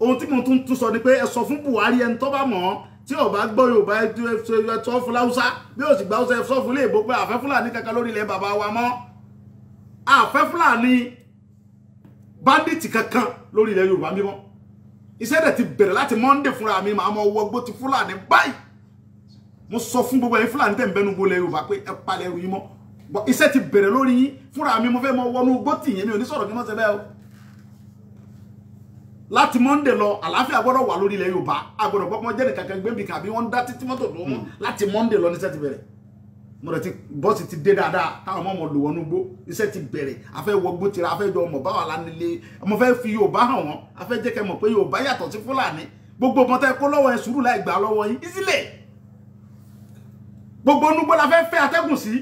ohun tí mo tún sọ ni pé ẹ sọ fún Buhari ẹni tó bá mọ̀ ọ́ tí ò bá gbọ́ yorùbá ẹ sọ fún láwùsá bí ó sì gba ọsẹ sọ fún iléèbó pé àfẹ́ fúlàní kankan lórí ilẹ̀ bàbá wa mọ́ àfẹ́ fúlàní báńdíìtì kankan lórí ilẹ̀ yorùbá mímọ́ iṣẹ́ dẹ̀ ti bẹ̀rẹ̀ láti monday fúnra mi màá mọ wọgbó ti fúlàní báyìí mo sọ fún gbogbo ẹ̀yin fúlàní tẹ̀ ń bẹnu bo ilẹ̀ yorùbá pé ẹ palẹ̀ ẹrù yín mọ́ iṣẹ́ ti bẹ̀rẹ̀ lórí yín fúnra mi mo fẹ́ mọ wọnú gbó tì yín mi ò ní sọ̀rọ̀ kí wọ́n ṣe bẹ́ẹ̀ o láti monday lọ àlàáfíà gbọ́dọ̀ wà lórí ilẹ̀ yorùbá agbọ́dọ̀ gbọ́pọ́n jẹ́ nìkan kan gbẹ́bí kàbí wọ́n ń dá títí mọ́tò tó mú hmm. láti monday lọ níṣẹ́ ti bẹ̀rẹ̀ mọ̀rẹ̀ ti bọ́ọ̀sì ti dé dáadáa táwọn ọmọ ọmọ lò wọnú gbó iṣẹ́ ti bẹ̀rẹ̀ afẹ́ wọgbó tira afẹ́ jọ ọmọ báwa la nílé ọmọ fẹ́ fi yorùbá hàn wọ́n afẹ́ jẹ́ kẹ́ mọ̀ pé yorùbá yàtọ̀ sí fúlàní gbogbo ọmọ tẹ́ kó lọ́wọ́ ẹ sùúrù láì gbà lọ́wọ́ yín ìsílẹ̀ gbogbo onúgbó la fẹ́ fẹ́ atẹ́gùn sí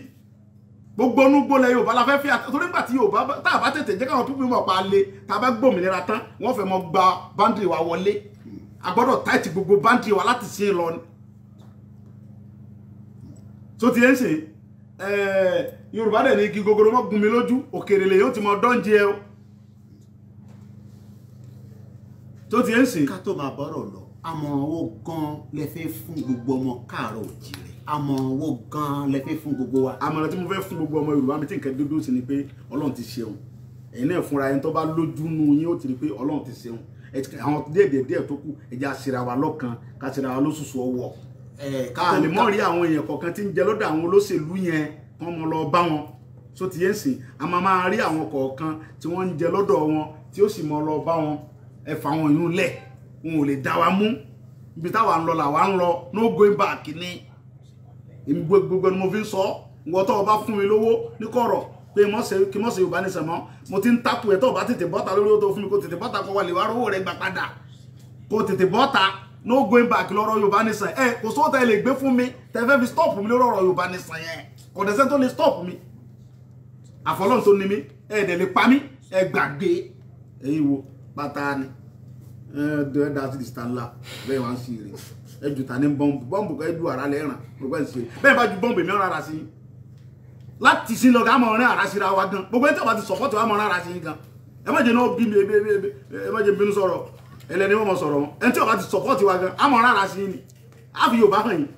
gbogbo onúgbó lẹ yorùbá la fẹ́ fi àtàtúrò nígbà tí yorùbá tá a bá tètè jẹ́ káwọn pípín mọ̀ pa lé tá a bá gbòmìnira tán wọ́n fẹ́ mọ gba báńdìrì wa wọlé a gbọ́dọ̀ táìtì gbogbo báńdìrì wa láti ṣe lọ ni. tó ti ń ṣe eh, yorùbá dẹ̀ ní igi gogoro mọ́ gun mi lójú òkèèrè lè yóò ti mọ dọ́ǹjẹ o. tó ti ń ṣe. ká tó máa bọ́rọ̀ lọ àmọ̀ràn wo gan-an lẹ fẹ́ fún gbogbo ọmọ káàárọ̀ òjìrè àmọ̀ràn gan-an lẹ fẹ́ fún gbogbo wa. àmọ̀ràn tí mo fẹ́ fún gbogbo ọmọ Yorùbá mi tí nǹkan dúdú sí ni pé Ọlọ́run ti ṣeun ẹ̀yin náà fúnra ẹni tó bá lójú nu yín ó ti rí pé Ọlọ́run ti ṣeun àwọn díẹ̀ tó kù ẹ̀jẹ̀ àṣìra wa lọ́kàn ká ṣìra wa lóṣùṣù ọwọ́ ká lè mọ̀ rí àwọn èèyàn kọ̀ọ̀kan tí ń jẹ lọ́dọ̀ àwọn olóṣèlú yẹn kán mọ lọ bá wọn tó ti yẹn sìn a máa máa rí àwọn kọ̀ọ̀kan tí wọ́n ń jẹ lọ́dọ̀ wọn tí ó sì mọ lọ bá wọn ẹ fà wọn yún lẹ̀ wọn ò lè dá wa mú ibi táwa ń lọ làwa ń lọ no going back ni èmi gbogbo ni mo fi ń sọ ìwọ tó o bá fún mi lówó ní kọ̀rọ̀ pé kí mọ̀ sí yorùbá ní sẹ̀mọ́ mo ti ń tapu ẹ̀ tó o bá tètè bọ́ta lórí tó fún mi kó tètè bọ́ta kó wà lè wá rówó rẹ̀ gbà padà kó tètè bọ́ta no going back lọ́rọ̀ yorùbá ní sàn ẹ̀ kò sóòtà ẹ̀ lè gbé fún mi tẹ́fẹ́ fi stop mi lórí ọ̀rọ̀ yorùbá ní sàn yẹn kò dẹ́sẹ́ tó lè stop mi àfọlọ́n tó ni mi ẹ̀ lè pa mí ẹ̀ gbàgbé ẹ̀yin wo pátá ni ẹ da sí ìsìta ńlá bẹ́ẹ̀ wá ń ṣe eré ẹ jù ta ní bọ́ǹbù bọ́ǹbù kọ́ ẹ ju ara lẹ́ràn gbogbo ẹ̀ ń ṣe bẹ́ẹ̀ bá ju bọ́ǹbù èmi ọ̀rọ̀ ara sí láti sí lọ́gà àmọ̀ ọ̀rẹ́ ara síra wa gan gbogbo ẹ̀ tí wọ́n ti sọ̀pọ̀tì wa mọ̀ ọ̀rẹ́ ara sí gan ẹ má jẹ́ náà bí mi ẹ má jẹ́ bínú sọ̀rọ̀ ẹlẹ́ni wọ́n mọ̀ sọ̀rọ̀ wọn ẹ tí wọ́n ti sọ̀pọ̀tì wa gan àmọ̀ ọ̀rẹ́ ara sí ni á fi Yorùbá hàn yín.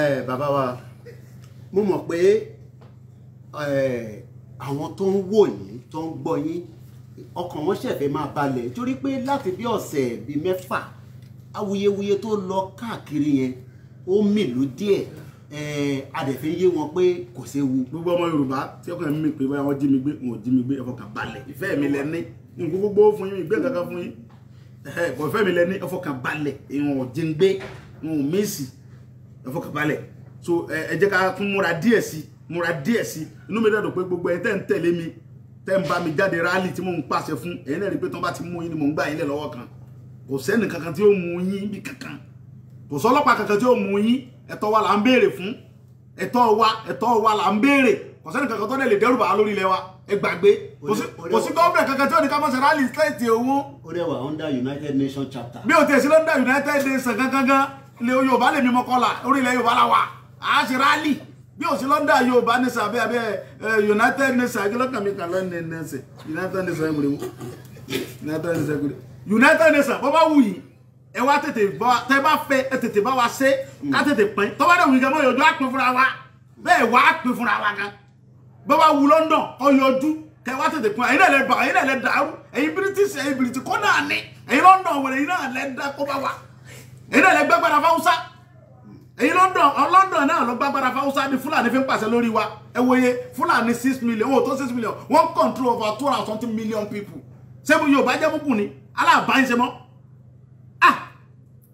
ẹ bàbá wa mo mọ̀ pé àwọn tó ń wò yín tó ń gbọ́ yín ọkàn wọn ṣẹ̀fẹ̀ máa balẹ̀ torí pé láti bí ọ̀sẹ̀ bíi mẹ́fà awuyewuye tó lọ káàkiri yẹn ó mìlú díẹ̀ adẹ̀fẹ́ yé wọn pé kò séwu. gbogbo ọmọ Yorùbá tí ọkàn mi pé báyà wọn jí mi gbé wọn ò jí mi gbé ẹ fọkàn balẹ̀ ìfẹ́ mi lẹ ní nǹkan gbogbo fún yín ìgbé kankan fún yín bọ̀ ìfẹ́ mi lẹ ní ẹ fọkàn balẹ̀ ìwọ̀n ò jí ń gbé ìwọ̀n ò mèsì ẹ fọkàn balẹ̀ so ẹ jẹ́ ká tún múra díẹ̀ sí múra díẹ̀ sí inú mi dàdọ̀ pé gbogbo ẹ tẹ́ ń tẹ̀lé mi tẹ́ ń bá mi jáde rálì tí mò ń pàṣẹ fún ẹ̀yin náà rí pé tán bá ti mú yín ni mò ń gbà yín lẹ̀ lọ́wọ́ kan kò sẹ́ni kankan tí ó mú yín bí kankan kò sọ́lọ́pàá kankan tí ó mú yín ẹ̀tọ́ wa là ń béèrè fún ẹ̀tọ́ wa ẹ̀tọ́ wa là ń béèrè kò sẹ́ni kankan tó dẹ̀ lè dẹ́rù bà lórí ilẹ̀ wa ẹ gbàgbé kò sí gọ́ọ̀mẹ̀ kankan tí ó ní ká mọ̀ṣẹ́ rálì sẹ́ẹ̀tì owó. ó dẹ̀ under United Nations chapter. bí o tẹ̀ sí lọ́ndà United Nations gangan ilẹ̀ Yorùbá lèmi mọ́kànlá orí ilẹ̀ Yorùbá la wà á ṣe rálì bí o sí lọ́dà yorùbá ní sàbẹ́ abẹ́ united nation kí lọ́kàn mi kà lọ́dà nation united nation ẹ̀kúrẹ́ mu united nation ẹ̀kúrẹ́ united nation bọ́ bá wù yìí ẹ wá tètè bá tẹ bá fẹ́ ẹ tètè bá wa ṣe ká tètè pẹ́ tọ́wọ́ dẹ̀ wù yìí gan yọjú á pín fúnra wa bẹ́ẹ̀ wá pín fúnra wa gan bọ́ bá wù london ọ yọjú kẹ wá tètè pín ẹ̀yin náà lẹ bà ẹ̀yin náà lẹ dàrú ẹ̀yin british ẹ̀yin british kó náà ní ẹ̀yin london wẹ̀rẹ̀ ẹ̀yin náà lẹ dá kó bá wa ẹ̀yin náà gbẹ́gbẹ́ra fáwùsá èyí London London náà ló gbàgbára fáwọsá ní Fúlàní fi ń pàṣẹ lórí wa ẹ wòye Fúlàní six million owó tó six million one control over two hundred something million people ṣé mo Yorùbá jẹ́ búkù ni aláàbá ń ṣe mọ́ ah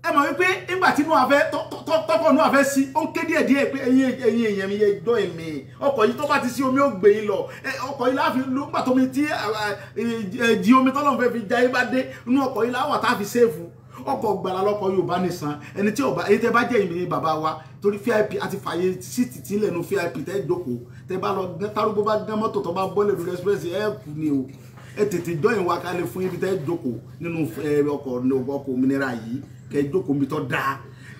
ẹ mọ̀ wípé nígbà tí Nuhu fẹ́ tọkọ̀ Nuhu fẹ́ sí ó ń ké díẹ̀ díẹ̀ pé ẹ̀yin ẹ̀yin èèyàn mi yẹ gbọ́ èmi ọkọ̀ yìí tó bá ti sí omi ó gbé yín lọ ọkọ̀ yìí láàfin ló gbà tómi tí jí omi tọ́lọ́ ọkọ̀ gbàrà lọ́kọ̀ yorùbá nìsan ẹni tí ọba èyí tẹ jẹ́ ìmìnira bàbá wa torí vip àti fàyè síìtì tí ń lẹ́nu vip tẹ́ ìjókòó tẹ bá lọ tarúgbó bá gán mọ́tò tó bá bọ́lẹ̀ lórí express ẹ̀ kù ni o ẹ tètè jọyìn wa kalẹ̀ fún ibi tẹ́ ìjókòó nínú ọkọ̀ ọkọ̀ òmìnira yìí kẹ́ ìjókòó mi tọ́ dáa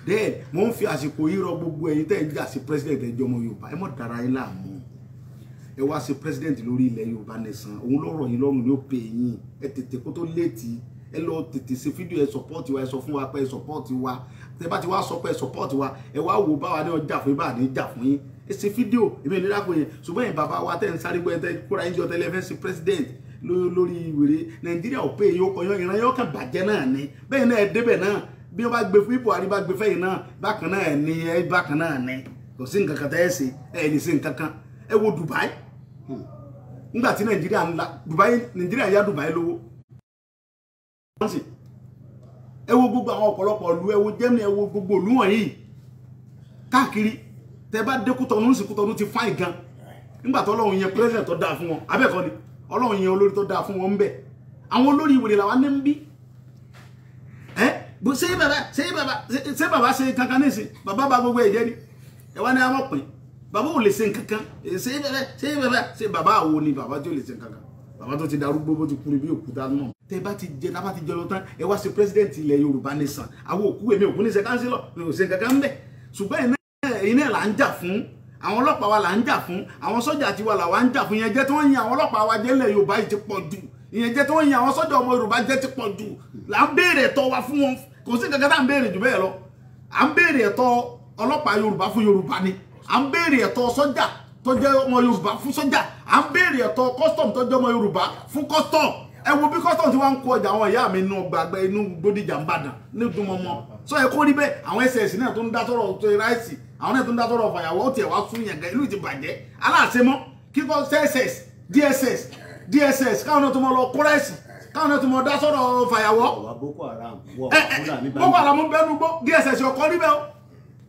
dẹ́ẹ̀ mo ń fi àsìkò yìí rọ gbogbo ẹ̀yin tẹ́ ẹ̀ ń jà sí president ẹ̀jọ̀ ọmọ yorùbá ẹ mọ̀ dára yín láàmú ẹ wá sí president lórí ilẹ̀ yorùbá nìsan òun lọ́rọ̀ yín lọ́rùn ló pè yín ẹ tètè kó léètì ẹ lọ tètè ṣe fídíò ẹ support wa ẹ sọ fún wa pé ẹ support wa tẹ bá ti wá sọ pé ẹ support wa ẹ wá wò báwa ní ọjà fún yín báà ní jà fún yín ẹ ṣe fídíò èmi ò ní lápò yẹn ṣùgbọ́n yẹn bàbá wa tẹ̀ ń sáré gbọ́ ẹ tẹ́ kóra yín jọ tẹ́lẹ̀ fẹ́ sí president lórí ìwèrè nàìjíríà ò pé èyí ó kọyán ìran yóò kàn bàjẹ́ náà ni bẹ́ẹ̀ náà ẹ débẹ̀ náà bí wọ́n bá gbé fún ipò àríwá gbé fẹ́yìn náà bákan náà ẹ̀ ní ẹ bákan náà ni kò sí nǹkan kan tẹ́ ẹ ṣe ẹ lè ṣe nǹkan kan ẹ wo Dubai hmm. nígbà tí nàìjíríà ń la Dubai nàìjíríà yá Dubai lówó council ẹ wo gbogbo àwọn ọ̀pọ̀lọpọ̀ ìlú ẹ wo Germany ẹ wo gbogbo ìlú wọ̀nyí káàkiri tẹ bá dé Kútọ̀nù ń sì Kútọ̀nù ti fáìn gan nígbà tó ọlọ́run yẹn president tó dáa fún wọn abẹ́ẹ̀kọ́ ni ọlọ́run yẹn olórí tó dáa fún wọn ń bẹ̀ àwọn olórí ìwèrè làwọn ní ń bí ẹ bó ṣé bàbá ṣé bàbá ṣé bàbá ṣe kankan nísìn bàbá bá gbogbo ẹ̀jẹ̀ ni ẹ wá ní amọ̀pin bàbá ò lè ṣe kankan ṣé bàbá ṣé bàbá ṣé àwo ni bàbá tí lè ṣe kankan bàbá tó ti darúgbó bó ti kúrú bí òkúta náà tẹ bá ti jẹ tá bá ti jẹ lọ tán ẹ wá sí president ilẹ̀ yorùbá nation àwọn òkú èmi òkú ní ṣe kánsílọ̀ mi ò ṣe kankan bẹ̀ ṣùgbọ́n iná là ń jà fún àwọn ọlọ́pàá wa là ń jà fún àwọn sọ́jà tiwa là wà ń jà fún ìyẹn jẹ́ tí wọ́n yin àwọn ọlọ́pàá wa jẹ́ ilẹ̀ yorùbá yìí ti pọ̀ jù ìyẹn jẹ́ tí wọ́n yin àwọn sọ́jà ọmọ yorùbá jẹ́ ti pọ̀ jù là ń béèrè ẹ̀tọ́ wa fún wọn kò sí kankan tá à ń béèrè jù bẹ́ẹ̀ lọ à ń béèrè ẹ̀tọ́ ọlọ́pàá yorùbá fún yorùbá ni à ń béèrè ẹ̀tọ́ sọ́jà tó jẹ́ ọmọ yorùbá fún sọ́jà à ń béèrè ẹ̀tọ́ custom tó jẹ́ ọmọ yorùbá fún custom ẹ wo bí custom ti wá ń kó ọjà àwọn ìyá mi inú gbàgbẹ inú gbódìjà ń bàdàn ní ìdúnmọmọ sọ ẹ kó rí bẹ́ẹ̀ àwọn ss náà tó ń dá tọrọ tó ráìsì àwọn náà tó ń dá tọrọ fàyàwọ́ ó tiẹ̀ wá fún yẹn gan ìlú ti bàjẹ́ aláàṣemọ́ kíkọ́ ss dss dss káwọn náà tó mọ lọ kó ráìsì káwọn náà ti mọ dá sọ̀rọ̀ fàyàwọ́. boko haram bẹnu gbó dss ọkọ níbẹ̀ o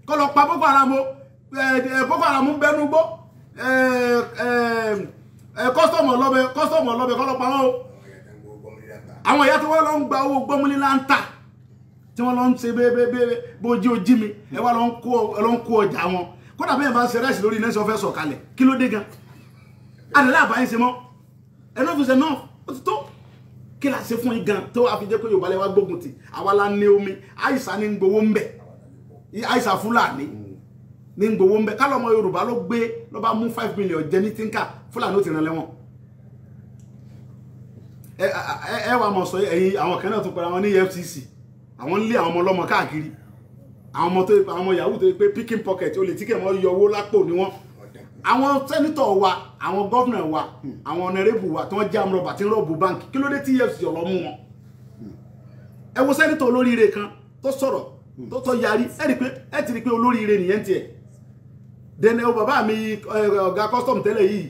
kọ́ lọ pa boko haram bẹnu gbó kọ́sítọ́mù eh, eh, eh, ọlọ́bẹ kọ́sítọ́mù ọlọ́bẹ kọ́lọ́pàá wọn o àwọn ìyá tí wọ́n lọ ń gba owó gbọ́múlé láńtà tí wọ́n lọ ń ṣe bébébé bójú ojí mi ẹ wá lọ ń kó ọjà wọn kódà bẹ́ẹ̀ bá ń ṣe rẹ́sì lórí iná ìṣọ́fẹ́ sọ̀kalẹ̀ kí ló dé gan àdàlẹ́ àbáyé ṣe mọ́ enough is enough ó ti tó kí la ṣe fún yín gan tó a fi jẹ́ pé Yorùbá lẹ́wà gbógun tì àwa la ní omi àìsàn ní gbowó ń bẹ̀ àìsàn Fúlàní ní gbowó ń bẹ ká lọ́mọ yorùbá ló gbé ló bá mú five million jẹ ní tínká fúlàní ó ti ràn lẹ́wọ̀n ẹ wà mọ̀ sọ ẹ̀yin àwọn kan náà tún pẹ̀lú àwọn ní EFCC àwọn ń lé àwọn ọmọ ọlọ́mọ káàkiri àwọn ọmọ tó àwọn ọmọ yahoo tó pé picking pocket olè tí kẹ̀mọ́ yọ owó lápò ni wọ́n àwọn sẹ́nitọ̀ wa àwọn gọ́vnà wa àwọn ọ̀nẹ́rẹ́bù wa tí wọ́n jẹ́ amúrọ̀bà tí ń rọ̀bù báńkì kí ló dé tí EFCC ọ̀lọ́ mú wọn ẹ wo sẹ́nitọ̀ olóríire kan tó sọ̀rọ̀ tó tọ́ yarí ẹ ti rí pé olóríire nìyẹn tiẹ̀ dẹnẹ o oh, bàbá mi eh, ọ̀gá custom tẹ́lẹ̀ yìí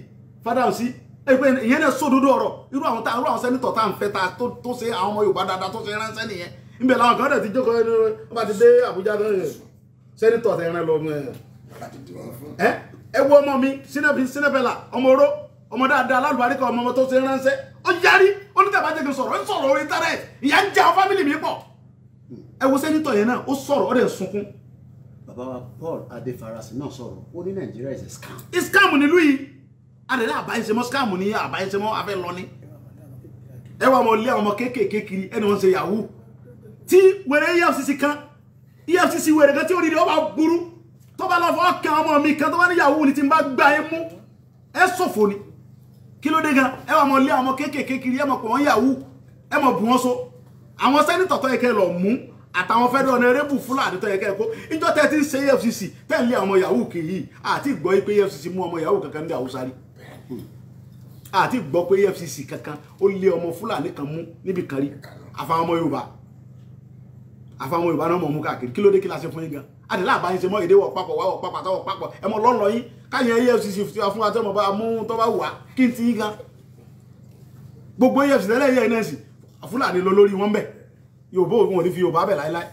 Fádáhùnsí ẹgbẹ́ eh, ìyẹn náà sódodo ọ̀rọ̀ irú àwọn tá irú àwọn sẹ́nitọ̀ tá à ń fẹ́ ta tó ṣe àwọn ọmọ Yorùbá dáadáa tó ṣe ránṣẹ́ nìyẹn níbẹ̀ làwọn kan dẹ̀ ti jókòó ẹni eh, wọ́n bá ti dé Àbújá sẹ́nitọ̀ tẹ̀ ẹran lọ ẹ ẹ wo ọmọ mi sinabela ọmọ oró ọmọ dáadáa alálùbáríkà ọmọ ọmọ tó ṣe ránṣẹ́ ó yarí ó ní tẹ̀ bá jẹ́ kí n sọ̀rọ̀ ń sọ̀rọ̀ orí tẹ́rẹ̀ ìyá ń jẹ́ àwọn fámìlì mi pọ̀ ẹ wo sẹ́nitọ̀ yẹn náà ó sọ̀rọ̀ ó dẹ̀ sunkún bàbá wa Paul Adéfarasí náà sọ̀rọ̀ ó ní Nàìjíríà is scam. scam nílùú yìí àdèlè àbáyéṣemọ scam ní àbáyéṣemọ afẹ lọni ẹ wà mọ lé àwọn ọmọ kéékèèké kiri ẹni wọn ṣe yahoo tí wèrè EFCC kan EFCC wèrè kan tí ó rí ọba burú tó lọ fọ ọkàn ọmọ mi kan tó bá ní yahoo ni ti bá gbà ẹ mú ẹ ṣòfò ni kí ló dé gan ẹ wà mọ lé àwọn ọmọ kéékèèké kiri ẹ mọ pọ wọn yahoo ẹ mọ bù wọn so àwọn sẹ́ni tọ̀tọ̀ ẹ̀kẹ́ àtàwọn federal honorable fúlàní tó yẹ kẹ́ ẹ kó níjọ́ tẹ́ ti ń ṣe efcc tẹ́ ń lé ọmọ yahoo kì í àti gbọ́ pé efcc mú ọmọ yahoo kankan ní haúsá rí àti gbọ́ pé efcc kankan ó lé ọmọ fúlàní kan mú níbi kan rí àfàwọn ọmọ yorùbá àfàwọn yorùbá náà mọ̀ mú káàkiri kí ló dé kí la ṣe fún yín gan adìlá àbáyé ṣe mọ́ èdè wọ̀ papọ̀ wá wọ̀ papọ̀ àtàwọ̀ papọ̀ ẹ mọ lọ́nà yín káyọ̀ efcc fún wa tí ọmọ bá mú tó bá wà kí n ti yín gan gbogbo efcc tẹ́lẹ̀ yẹn náà sì fúlàní lọ lórí wọn bẹ́ẹ̀ yorùbá òun ò ní fi yorùbá bẹ̀ láéláé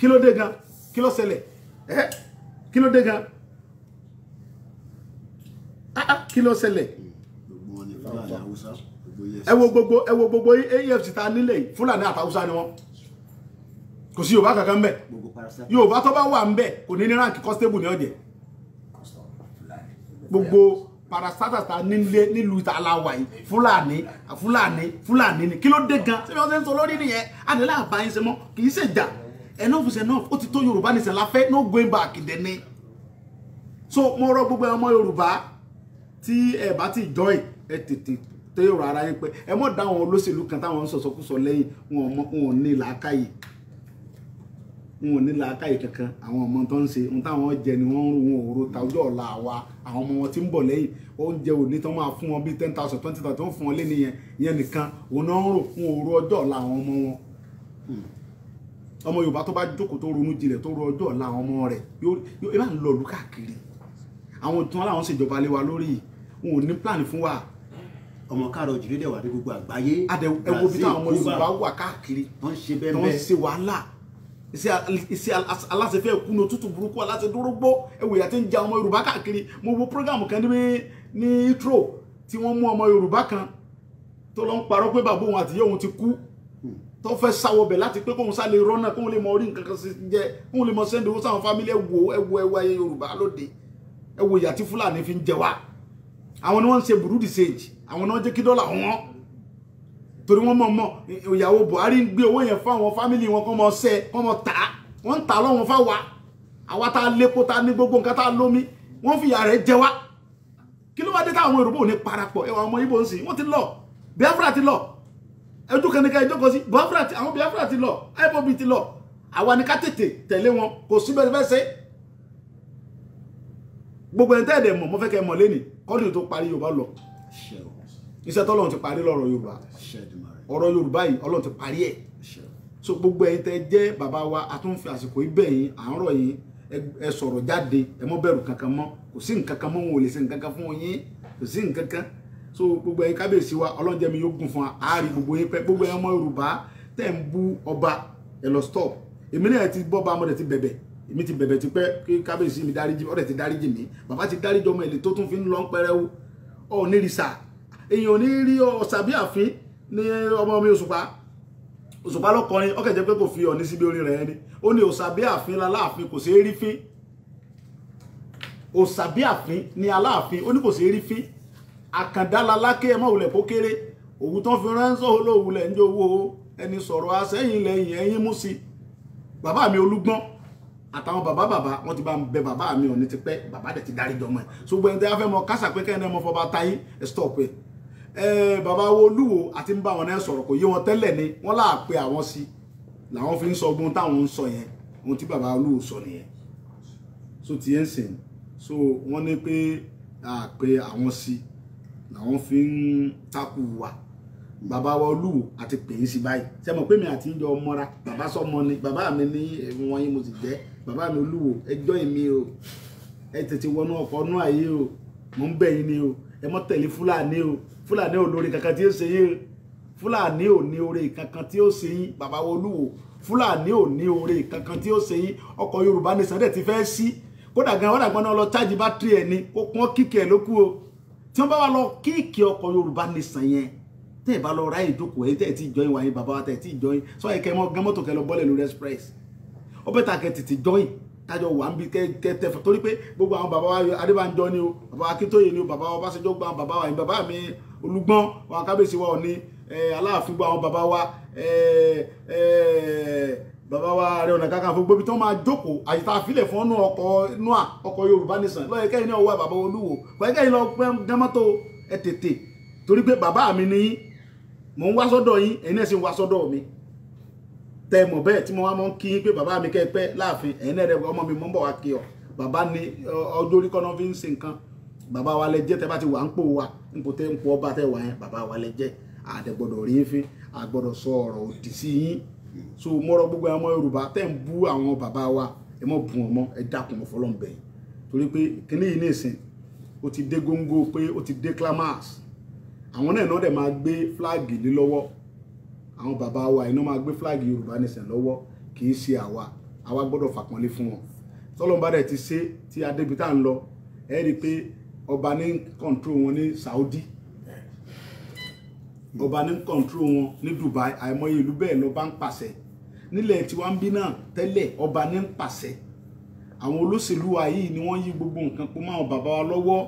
kí ló dé gan kí ló ṣẹlẹ̀ ẹ́ kí ló dé gan ah, ah, kí ló ṣẹlẹ̀ e ẹ wo gbogbo ẹ wo gbogbo AFC e ta nílẹ̀ yìí fúlàní àtàwùsá ni wọn kò sí yorùbá kankan mbẹ yorùbá tó bá wà mbẹ kò ní ní ránkì constable ní ọjẹ gbogbo parastatus ta nílé nílùú ta la wà yìí fúlàní fúlàní fúlàní ni kí ló dé gan ṣé bí wọ́n ṣe ń sọ lórí nìyẹn àdéhùn àbáyé ṣe mọ́ kì í ṣèjà enough is enough ó ti tó yorùbá nìṣẹ́ la no going back dẹ̀ ni so mo rọ gbogbo ọmọ yorùbá tí ẹ bá ti join ẹ tètè tẹ́yọ̀rọ̀ ara yín pé ẹ mọ̀ dáwọn olóṣèlú kan táwọn ń sọ̀sọ́kúsọ lẹ́yìn wọn ò ní làákàyè wọn ò ní làákàyè kankan àwọn ọmọ tó ń ṣe ohun táwọn jẹ ni wọ́n ń ro wọn òru ta ọjọ́ ọ̀la wa àwọn ọmọ wọn ti ń bọ̀ lẹ́yìn oúnjẹ òní tó máa fún wọn bíi ten thousand twenty thousand tó ń fún wọn lé nìyẹn yẹn nìkan òun náà ń rò wọn òru ọjọ́ ọ̀la àwọn ọmọ wọn hmm. ọmọ yorùbá tó bá jókòó tó ronú jinlẹ̀ tó ro ọjọ́ ọ̀la àwọn ọmọ rẹ̀ yóò ẹ ń lọ lù káàkiri àwọn tí wọn làwọn ṣèjọba ọmọ káàrọ̀ òjìlédè ní gbogbo àgbáyé. adẹ ẹwo bí táwọn ọmọ yorùbá wà káàkiri tó ń ṣe wàhálà ìṣe aláṣẹfẹ́ ìkùnà òtútù burúkú aláṣẹdúrógbó ẹwù ìyá tí ń ja ọmọ yorùbá káàkiri mo wo program kan ní ní itro tí wọ́n mú ọmọ yorùbá kan tó lọ ń parọ́ pé bàbá òun àtìyẹ́ òun ti kú tó fẹ́ sáwọ́ bẹ̀ láti pé kóun sá lè rọ́nà kóun lè mọ orí nǹkan kan sí jẹ kóun lè mọ sẹ́ndì owó sáwọn fámílì ẹ̀wò ẹ̀wò ẹ̀wò ayé yorùbá lóde ẹ̀wò ìyá tí fúlàní fi ń jẹ wá àwọn ni wọ́n ń ṣe burú di sèǹjì àwọn ni wọ́n jẹ́ kí dọ́là wọn torí wọ́n mọ̀ mọ̀ ìyàwó Buhari ń gbé owó yẹn fún àwọn fámìlì wọn kọ́ mọ ṣẹ́ kọ́ mọ tà á wọ́n ń tà á lọ́wọ́n fáwa àwa tá a lépo tá a ní gbogbo nǹkan tá a lómi wọ́n fi ìyà rẹ̀ jẹ wá kí ló wá dé táwọn Yorùbá ò ní parapọ̀ ẹwà ọmọ Ìgbò ń sìn wọ́n ti lọ Biafra ti lọ ẹjú kan ní ká ẹjọ́ kan sí Biafra ti àwọn Biafra ti lọ ibob ti lọ àwa ni ká tètè tẹ̀lé wọn kò sí bẹ́ẹ̀ fẹ́ ṣe gbogbo ẹ̀ ń tẹ́ ẹ̀dẹ̀ mọ̀ mo fẹ́ kẹ́ mọ̀ lẹ́nìí kọ́dún tó parí Yorùbá lọ iṣẹ́ tọ́lọ́run ti parí lọ́rọ̀ yorùbá ọ̀rọ̀ yorùbá yìí ọlọ́run ti parí ẹ̀ so gbogbo ẹ̀yin tẹ́ jẹ́ bàbá wa a tún fi àsìkò ibẹ̀ yín à ń rọ̀ yín ẹ sọ̀rọ̀ jáde ẹ mọ́ bẹ̀rù kankan mọ́ kò sí nǹkan mọ́ wọn ò lè ṣe nǹkan fún yín kò sí nǹkan so gbogbo ẹ̀yin kábíyèsí wa ọlọ́run jẹ́ mi yóò gùn fún wa a rí gbogbo yín pẹ́ gbogbo ẹ̀yin ọmọ yorùbá tẹ́ ń bú ọba ẹ lọ stop èmi náà ti bọ́ ba mo dẹ̀ ti bẹ̀bẹ̀ èmi ti bẹ̀bẹ̀ ti pẹ́ kí kábíyèsí mi dáríjì mi ọ̀rẹ́ ti dáríjì mi bàbá ti dáríjì ọmọ èlé tó tún fi ń lọ pẹrẹwu ọ̀ nírìsà èèyàn ò ní rí ọ̀sàbí àfín ní ọmọ mi òṣùpá òṣùpá ló kọrin ó kẹ̀jẹ́ pé kò fi ọ̀ní síbi orin rẹ̀ ni ó ní òṣàbí àfín láláàfin kò sí rí fín òṣàbí àfín ní aláàfin ó ní kò sí rí fín àkàndá lalákè ẹ mọ̀ wulẹ̀ kó kéré òwú tán fi ránṣọ́ olówulẹ̀ ń jowó ẹni sọ̀rọ̀ asẹ́yìn lẹ́yìn ẹ̀yìn mú sí bàbá mi olúgbọ́n àtàwọn bàbá bàbá wọn ti bá ń bẹ bàbá mi ọ̀ní ti bàbá dẹ̀ ti darí jọmọ́ ẹ̀ ṣùgbọ́n ẹni tẹ́ fẹ́ mọ kásà pé kẹ́hìn náà mọ fọba táyé ẹ̀ stop ẹ̀ bàbá wo olúwo àti ń bá wọn náà sọ̀rọ̀ kò yé wọn tẹ́lẹ̀ ni wọ́n láà pe àwọn sí làwọn fi ń sọ ogun táwọn ń sọ yẹn ohun tí bàbá olúwo sọ nìyẹn so ti yẹn sìn so wọ́n ní pé àpè àwọn sí làwọn fi ń takù wà bàbá olúwo àti pè é sí báyìí ṣe pé mi àti ìjọ mọ́ra bàbá sọmọ ni bàbá mi ní ẹ̀wọ̀n yìí mo sì jẹ́ bàbá mi olúwo ẹjọ́ èmi o ẹ tètè wọnú ọkọ̀ ọ̀nú àyè o mò ń bẹ̀ ni o ẹ mọ́ tẹ̀lé fúlàní o fúlàní ò lórí kankan tí ó ṣe yín fúlàní ò ní oore kankan tí ó ṣe yín bàbá olúwo fúlàní ò ní oore kankan tí ó ṣe yín ọkọ̀ yorùbá nation dẹ̀ ti fẹ́ sí kódà gan wọ́n dàgbọ́n náà lọ chájì bátìrì ẹ̀ ni ó pọ́n kíkì ẹ̀ lókù o tí wọ́n bá wà lọ kíkì ọkọ̀ yorùbá nation yẹn tẹ́ ẹ̀ bá lọ ráyè ìjókòó ẹ̀ tẹ́ ẹ̀ tí ì jọyìn wáyé bàbá wa tẹ́ ẹ̀ tí ì jọyìn sọ ẹ̀kẹ́ mọ́ gán mọ́tò kẹ lọ bọ́lẹ̀ lórí express ọbẹ̀ tà kẹ́ tètè jọyìn tájọ wà ń bi kẹtẹ fún torí pé gbogbo àwọn bàbá wa Adébánjọ ni o bàbá wa Akíntóyè ni o bàbá wa Ọbásanjọ́ gba àwọn bàbá wa yìí bàbá mi Olúgbọ́n àwọn kábíyèsí wa Ọọ̀ni Aláàfin gba àwọn bàbá wa bàbá wa Ààrẹ Ọ̀nà Kakanfò gbogbo tó máa jókòó àyíká àfilẹ̀ fún ọ́nú ọkọ̀ noa ọkọ̀ Yorùbá nìsàn lọ́yẹ̀ kẹ́yìn ní ọwọ́ bàbá Olúwo kẹ́yìn lọ dámọ́tò ẹ tètè torí pé bàbá mi ni mò ń wá sọ́dọ̀ yín ẹ̀yin náà sì ń wá sọ́dọ̀ mi tẹ mọ̀ bẹ́ẹ̀ tí mo wá mọ́ kí pé bàbá mi kẹ́ pẹ́ láàfin ẹ̀yin náà rẹ̀ ọmọ mi mọ́ bọ̀ wá kí ọ bàbá ni ọjọ́ orí kọ́nà fi ń ṣe nǹkan bàbá wa lẹ jẹ́ tẹ bá ti wà ń pò wa nípò tẹ ń pò ọba tẹ wà yẹn bàbá wa lẹ jẹ́ àdẹ̀gbọ́dọ̀ rí fi àgbọ́dọ̀ sọ ọ̀rọ̀ òdì sí yín so mọ́rọ̀ gbogbo ọmọ Yorùbá tẹ̀ ń bú àwọn bàbá wa ẹ mọ̀ bù wọn mọ́ ẹ dákun ọ̀fọlọ́ǹbẹ̀ torí pé kíní yìí nìsín ó ti dé góńgó pé ó ti dé clamas àwọn náà náà dẹ̀ máa gbé flag lé lọ́wọ́ àwọn bàbá wa iná máa gbé flag Yorùbá nìsẹ̀ lọ́wọ́ kì í ṣe àwa àwa gbọ́dọ̀ fàpọ́nlé fún wọn tọ́lọ́mbà rẹ̀ ti ṣe tí adébítà ń lọ ẹ rí i pé ọba ní kọ̀ǹtró wọn ní Saudi ọba ní kọ̀ǹtró wọn ní Dubai àìmọye ìlú bẹ́ẹ̀ lọ́ba ń pàṣẹ nílẹ̀ tiwa ń bí náà tẹ́lẹ̀ ọba ní ń pàṣẹ àwọn olóṣèlú wa yìí ni wọ́n yí gbogbo nǹkan kó máa bàbá wa lọ́wọ́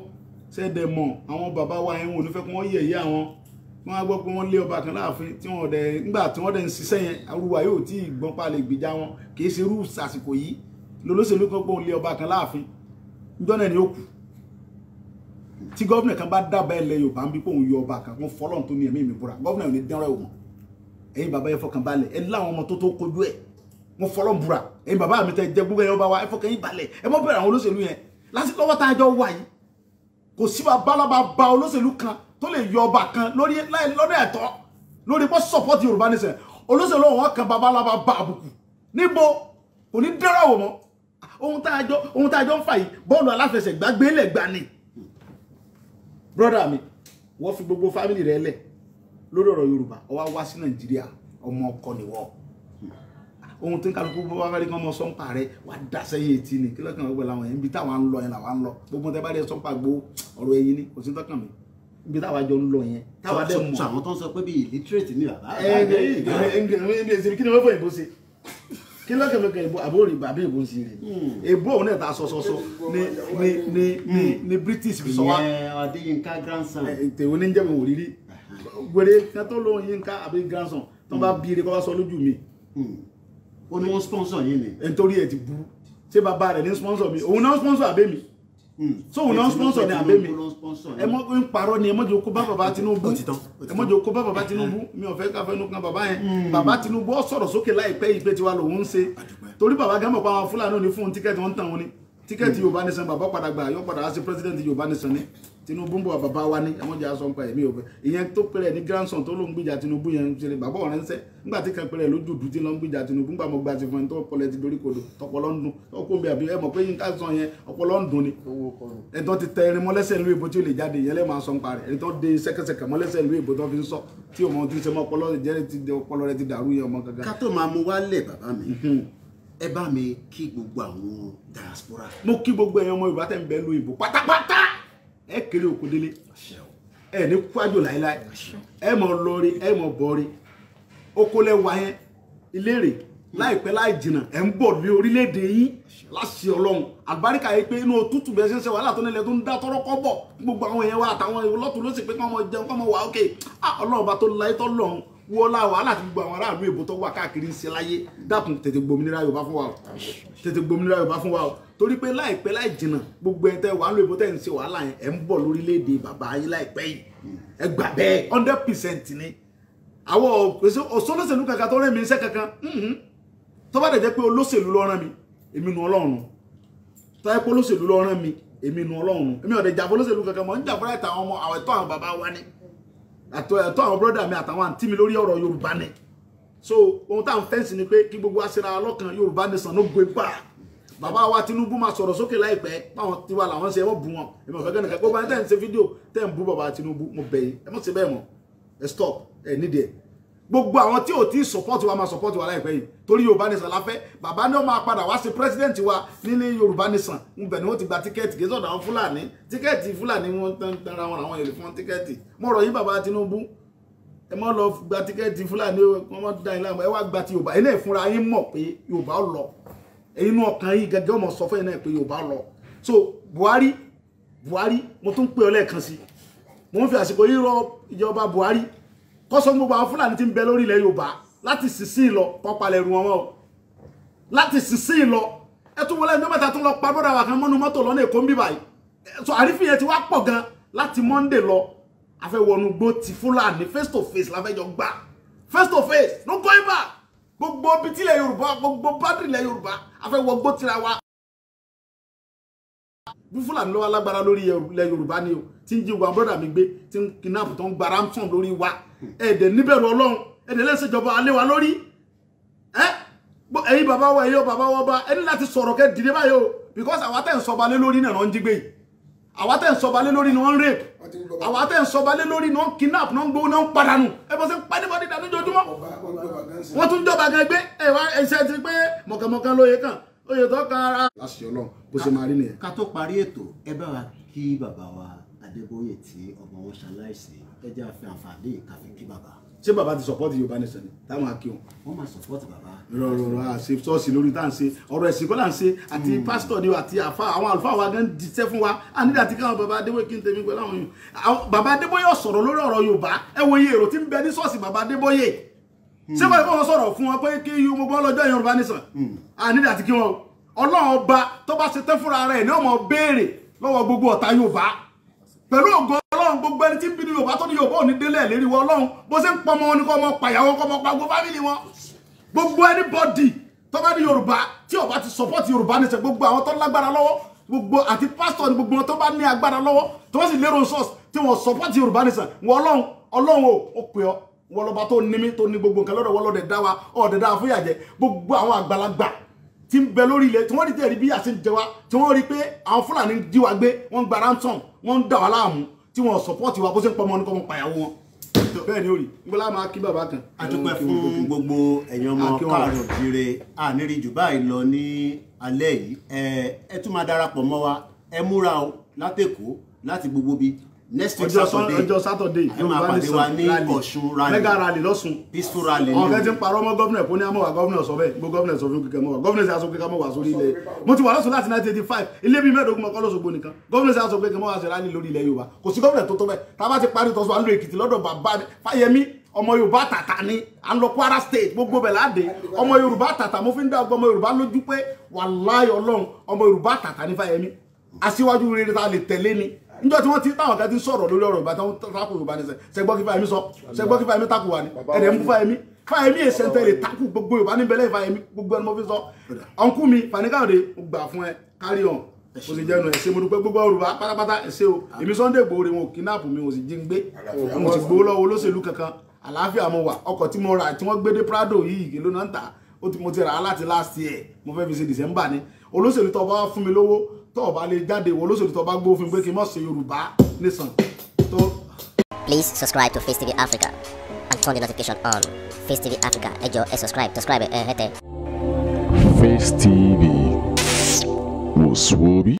sẹ́dẹ̀ mọ̀ àwọn bàbá wa yẹn wò ní fẹ́ kí wọ́n yẹ̀yẹ́ àwọn wọ́n á gbọ́ pé wọ́n lé ọba kan láàfin tí wọ́n dẹ̀ nígbà tí wọ́n dẹ̀ ń ṣiṣẹ́ yẹn arúgbó yóò tí ì gbọ́n palẹ̀ ìgbèjà wọn kì í ṣe irú àsìkò yìí lolóṣèlú kan pé òun lé ọba kan láàfin níjọ́ náà ni ó kù tí gọ́vnà kan bá dábàá ilẹ̀ Yorùbá ń bí pé òun yọ ọba kan wọ́n fọlọ́n tó ní ẹ̀mí mi búra gọ́vnà ò ní dẹ́rẹ́ òun ẹ̀yin bàbá yẹn fọkàn balẹ̀ ẹ̀ láwọn ọmọ tó tó kojú ẹ̀ wọ́n fọlọ́n búra ẹ̀yin bàbá mi tẹ jẹ gbogbo ẹ̀yin ọba wa ẹ̀ fọkàn yín balẹ̀ ẹ̀ mọ́ bẹ̀rẹ̀ àwọn olóṣèlú yẹn lásìkò lọ́wọ́ tá a jọ wà yìí kò sí bàbá ba olóṣèlú kan tó lè yọ ọba kan lórí lọ́dọ̀ ẹ̀tọ́ lórí pọ́ support yorùbá nation olóṣèlú ọ̀hún kan babalaba bá àbùkù níbo kò ní dẹ́rọ̀ wò mọ́ ohun tá a jọ ohun tá a jọ ń fà yìí bọ́ọ̀lù aláfẹsẹ̀gbá gbélé gbà ni brother mi wọ́n fi gbogbo family rẹ̀ lẹ̀ lórí ọ̀rọ̀ yorùbá ó wá wá sí nàìjíríà ọmọ ọkọ nìwọ ohun tí kálukú bọ́ bá rí kí wọ́n mọ sọ́ńpà rẹ wà á dà sẹ́yìn etí ni kí lọ́kàn wọ́n gbọ́ làwọn yẹn ń bi táwọn ń lọ yẹn làwọn ń lọ gbogbo tẹ́ bá rí sọ́ńpà gbó ọ̀rọ̀ ẹ̀yìn ni kò sí tọ́kàn mi bí táwa jọ ń lọ yẹn. táwa sọ mọ àwọn tó ń sọ pé bí illiterate ni bàbá. ẹ ẹ ẹ ẹ kí ni wọ́n fọ ìbò ṣe kí lọ́kẹ̀lọ́kẹ̀ ìbò àbó rìn àbí ìbò ń sin rè ìbò òun náà ta sọsọsọ ni ni ni ni hmm. ni British fi sọ wa. ìyẹn Adéyínká grandson. tèwo ní jẹ́ mi wò rírí wèrè kan tó lóun Yínká àbí grandson tó bá hmm. bí ire kó bá sọ lójú mi. Hmm. ó ní wọ́n sponsor yín ni. nítorí ẹ ti burú ṣé bàbá rẹ̀ ní sponsor mi òun náà sponsor àbẹ́ mi. Hmm. so wọn náà sponsor ní abẹ́ mi ẹ mọ n parọ́ ni ẹ mọ jẹ́ kó bá baba Tinubu ẹ mọ jẹ́ kó bá baba Tinubu mi ò fẹ́ ká fẹ́ nu kan baba yẹn hmm. baba Tinubu ọ sọ̀rọ̀ sókè láìpẹ́ yìí pé tiwa lòun ń ṣe torí baba gẹ́mọ̀ pa àwọn Fúlàní ò ní fún tíkẹ́ẹ̀tì wọn ń tàn wọn ni tíkẹ́ẹ̀tì Yorùbá Nation baba padà gbà yọ padà á sí president Yorùbá Nation ni. Tinubu ń bọ̀ bàbá wa ní àwọn ìjà sọ ń pa ẹ̀mí òfin ìyẹn tó péré ní grandson tó ló ń gbìjà Tinubu yẹn ń ṣeré bàbá ọ̀rẹ́ ń sẹ́ nígbà tí kan péré lójú dùn tí ló ń gbìjà Tinubu nígbà mo gba ti fún ẹni tó ọpọlọ ti dorí kodò tọpọlọ ń dun ọkọ mi àbí ẹ mọ̀ pé yínká sọ yẹn ọpọlọ ń dun ni ẹ̀tọ́ ti tẹ irin mọ́lẹ́sẹ̀ ìlú èbó tí ó lè jáde ìyẹn máa sọ ń pa rẹ̀ de sẹ́kẹsẹkẹ mọ́lẹ́sẹ̀ ìlú èbó tó fi ń sọ tí òmò ti ṣe mọ́ ọpọlọ jẹ́ ti ọpọlọ rẹ ti dàrú yẹn ọmọ gangan. Hmm. mo kí gbogbo ẹ̀yin ọmọ Yorùbá tẹ̀ ń ẹ kéré òkú délé ẹ ní kwájò láéláé ẹ mọ lọrí ẹ mọ bọrí okòlẹ wa yẹn ìlérè láìpẹ́ láì jìnnà ẹ ń bọ̀ lé orílẹ̀-èdè yín láṣẹ Ọlọ́run àlùbáríkà yìí pé inú òtútù bẹ́ẹ̀ ṣe ń ṣe wàhálà tó nílẹ̀ tó ń dá tọrọ kọ́ bọ̀ gbogbo àwọn yẹn wa àtàwọn ìlọ́tún ló sì pé kí wọ́n mọ jẹun kí wọ́n mọ wà ókè ah, Ọlọ́run bá tó láyé tọ́ lọ́run wọ́lá wàhálà tí gbogbo àwọn aráàlú èbó tó wà káàkiri ń ṣe láyé dákun tètè gbòmìnira yorùbá fún wa o tètè gbòmìnira yorùbá fún wa o torí pé láìpẹ́ láì jìnnà gbogbo ẹ̀ tẹ́ wàhálà èbó tẹ́ ń ṣe wàhálà yẹn ẹ̀ ń bọ̀ lórílẹ̀‐èdè bàbá yín láìpẹ́ yìí ẹ gbà bẹ́ẹ̀ hundred percent ni àwọn òṣòlóṣèlú kankan tó rẹ́ mi iṣẹ́ kankan mm-hmm. tó bá dẹ̀ jẹ́ pé olóṣèlú ló rán mi èmi nu ọlọ́run tó yẹ pé olóṣèlú ló rán mi èmi nu ọlọ́run èmi ọ̀dẹ̀ jà fún olóṣèlú kankan mọ̀ ń jà fún ẹ̀ta àwọn ọmọ àwẹ̀tọ́ àwọn bàbá wa ni ẹ̀tọ́ àwọn brọ́dà mi àtàwọn àǹtí mi lórí ọ̀rọ̀ yorùbá ni so ohun táwọn fẹ́ǹsì ni pé kí gbogbo aṣèrà ọlọ́kan yorùbá nation ló gbé bá bàbá wa tinubu máa sọ̀rọ̀ sókè láìpẹ́ báwọn tiwa làwọn ṣe ẹ mọ̀ bú wọn ẹ mọ̀ fẹ́gẹ́ nìkan gbogbo ẹni tẹ́ ń ṣe fídíò tẹ́ ń bú bàbá tinubu mo bẹ̀ yín ẹ mọ̀ ṣe bẹ́ẹ̀ mọ̀ ẹ stop ẹ nídìí ẹ gbogbo àwọn tí ò tí support wa máa support wa láìpẹ́ yìí torí Yorùbá Nation la fẹ́ bàbá náà máa padà wá sí president wa nílé Yorùbá Nation ibẹ̀ ni wọ́n ti gba tíkẹ́ẹ̀tì kí sọ̀dọ̀ àwọn Fúlàní tíkẹ́ẹ̀tì Fúlàní wọn tara wọn àwọn èrè fún tíkẹ́ẹ̀tì mo rọ̀ yín bàbá Tinubu ẹ mọ́ lọ gba tíkẹ́ẹ̀tì Fúlàní wọn mọ́ dá yín láàmú ẹ wá gba ti Yorùbá ilé ìfúnra yín mọ̀ pé Yorùbá ó lọ inú ọkàn yín gẹ́gẹ́ ọmọ sọ fún yín náà pé Yorùbá ó lọ so Buhari Buhari mo tún pè ọ lẹ́ẹ̀kan sí mo ń fi àsìkò yìí rọ ìjọba kọ́sọ́ gbogbo àwọn fúlàní ti ń bẹ lórí ilẹ̀ yorùbá láti sísí lọ kọ́ palẹ̀ ẹrù wọn mọ́ o láti sísí lọ ẹ tún wọlé ẹjọ́ mẹ́ta tún lọ pa bọ́dà wà kan mọ́nu mọ́tò lọ́nà èkó ń bíbà yìí so àrífín yẹn ti wá pọ̀ gan láti monday lọ àfẹwọnugbó ti fúlàní face to face láfẹjọ gbà face to face ló kọ́ ibà gbogbo bitílẹ̀ yorùbá gbogbo bádìrì ilẹ̀ yorùbá àfẹwọgbó tira wa bí fúlàní lọ́wọ́ alágbára lórí ilẹ̀ yorùbá ni o tí ń jí wa brọ́dà mi gbé tí ń kidnap tó ń gba ransom lórí wa ẹ̀ẹ́dẹ̀ níbẹ̀rù ọlọ́run ẹ̀ẹ́dẹ̀ lẹ́sẹ̀jọba alẹ́ wa lórí ẹ́ ẹ̀yin bàbá wa ẹ̀yin bàbá wa bá ẹni láti sọ̀rọ̀ kẹ́ dìde báyìí o because àwa tẹ̀ ń sọba lé lórí náà ń jí gbé yìí àwa tẹ̀ ń sọba lé lórí ni wọ́n ń rape àwa tẹ̀ ń sọba lé lórí ni wọ́n ń kidnap náà ń gbowó náà ń padànù ẹ bọ́ sí pálíbọ́dì dànù jojúmọ́ wọ́n tún jọba gan gbé ẹ wá ẹsẹ̀ ti pé mọ̀kànmọ̀kàn lóye kan oyè tó kan ara. láti ọlọ́run bó ṣe máa rí nìyẹn. ká tó parí ètò ẹ bá wa kí bàbá wa Adébóyè tí ọmọ wọn ṣaláìsí ẹjẹ́ àfi àǹfààní ìkàfé kí bàbá. ṣé bàbá ti sọpọ́ọ̀tì Yorùbá Nation ni táwọn akéwọn. wọ́n máa sọpọ́ọ̀tì bàbá. rọrọrọ àṣe ṣọ́ọ̀ṣì lórí tá à ń ṣe ọ̀rọ̀ ẹ̀sìn kọ́ là ń ṣe àti hmm. pásítọ̀ ni àti àfa àwọn àlùfáà wa gan diṣẹ́ fún wa a nígbà tí káwọn bàbá Adébóyè kí n tẹ̀mí pẹ̀lú àwọn yòó bàbá Adébóyè sọ̀rọ̀ lórí ọ̀rọ̀ Yorùbá ẹ wo iye èrò tí ń bẹ ní ṣọ́ọ̀ṣì bàbá Adébóyè hmm. ṣé báyìí kọ́ wọn sọ̀rọ̀ fún wọn pé kí gbogbo ọlọ́jọ́ Yorùbá Nation hmm. a nígbà tí kí wọn ọlọ́run ọba tó bá ṣe tán fúnra rẹ̀ ni ọmọ béèrè lọ́wọ́ gbogbo ọ̀tá Yorùbá pẹ̀lú ògo ọlọ́run gbogbo ẹni tí ń bínú yorùbá tó ní yorùbá ò ní délẹ̀ lérí wọn ọlọ́run bó ṣe ń pọ wọn ni kọ́ ọmọ pàyàwọ́ kọ́ ọmọ pàgbó fámìlì wọn gbogbo ẹni bọ́dì tó bá ní yorùbá tí ó ti sọ́pọ́tì yorùbá ní sẹ́ gbogbo àwọn tó lágbára lọ́wọ́ gbogbo àti pásítọ̀ ni gbogbo wọn tó bá ní agbára lọ́wọ́ tó bá sì lérò sọ́ọ̀sì tí wọ́n sọ́pọ́tì yorùbá ní sẹ́ wọn ọlọ́run ọlọ́run tí ń bẹ lórí ilẹ̀ tí wọ́n rí tẹ̀rí bí àṣẹ ń jẹ wá tí wọ́n rí pé àwọn fúlàní ń jí wa gbé wọ́n ń gba ransom wọ́n ń dà wá láàmú tí wọ́n sọ̀pọ́ọ̀tì wa bó ṣe ń pọmọ nìkan pàyàwó wọn. bẹ́ẹ̀ ni ó rí ngbọ́lá máa kí bàbá kan. a dúpẹ́ fún gbogbo ẹ̀yin ọmọ káàárọ̀ jíire àníri jù báyìí lọ ní alẹ́ yìí ẹ tún máa darapọ̀ mọ́ wa ẹ múra o látẹ̀kọ́ láti gbogbo bíi next week saturday ọjọ́ saturday yorùbá nation ọ̀ṣun rally mega rally lọ́sùn peaceful rally ni o ọ̀fẹ́ ti ń parọ́ mọ́ gọ́vnẹ̀ fún ní amọ̀wá gọ́vnẹ̀ sọ bẹ́ẹ̀ gbogbo gọ́vnẹ̀ sọ fún kíkẹ́ mọ́wá gọ́vnẹ̀ sì aṣọ kíkẹ́ mọ́wá sórí ilẹ̀ mo ti wà lọ́sùn láti 1985 ilé bíi mẹ́ẹ̀ẹ́dógún mọ́kọ́ lọ́sọ̀gbọ̀ nìkan gọ́vnẹ̀ sì aṣọ kíkẹ́ mọ́wá sọ rally lórí ilẹ̀ yorùbá kò sí gọ́vnẹ̀ tó tó bẹ́ẹ̀ tá a bá ti parí tọ́sọ̀ à ń lo èkìtì lọ́dọ̀ bàbá mi fáyemí ọmọ yorùbá tàtà ni à ń lọ kwara state gbogbo bẹ̀ láde ọmọ yorùbá tàtà mo fi ń dá ọgbọ ọmọ yorùbá lójú pé wàláyọ ọlọ́run ọmọ yorùbá tàtà ní fáyemí aṣíwájú rere ta lè tẹ̀lé ni níjọ́ tí wọ́n ti táwọn kan ti sọ̀rọ̀ lórí ọ̀rọ̀ ìbátan takò yorùbá ni sẹ́gbọ́n kí Fáyẹmí sọ sẹ́gbọ́n kí Fáyẹmí takò wà ní ẹ̀rẹ̀ mú Fáyẹmí Fáyẹmí èsè ń tẹ̀lé takò gbogbo yorùbá ní bẹ́lẹ̀ Fáyẹmí gbogbo ẹni mo fi sọ ọ̀nkú mi fanikàwé gbà fún ẹ kárí ọ̀n o sì jẹnu ẹsẹ mo dúpẹ́ gbogbo Yorùbá pátápátá ẹsẹ o èmi Sunday Igboho rè wọn ò kidnap mi ò sì jí ń gbé mo sì gbowó lọ́wọ́ olóṣèlú kankan àlàáfíà mo wà ọkọ̀ tí mo rà tí wọ́n gbé dé Prado yìí ìgè lónà ń tà mo last year mo fẹ́ fi ṣe December ni olóṣèlú tó bá fún mi lówó tó o lè jáde ìwọ olóṣèlú tó o bá gbófin pé kí n mọ̀ ṣe Yorùbá nation Please subscribe to Face TV Africa and turn the notification on Face TV Africa ẹ jọ̀ọ́ ẹ subscribe subscribe ẹ hẹtẹ. Face TV wò sùn orí.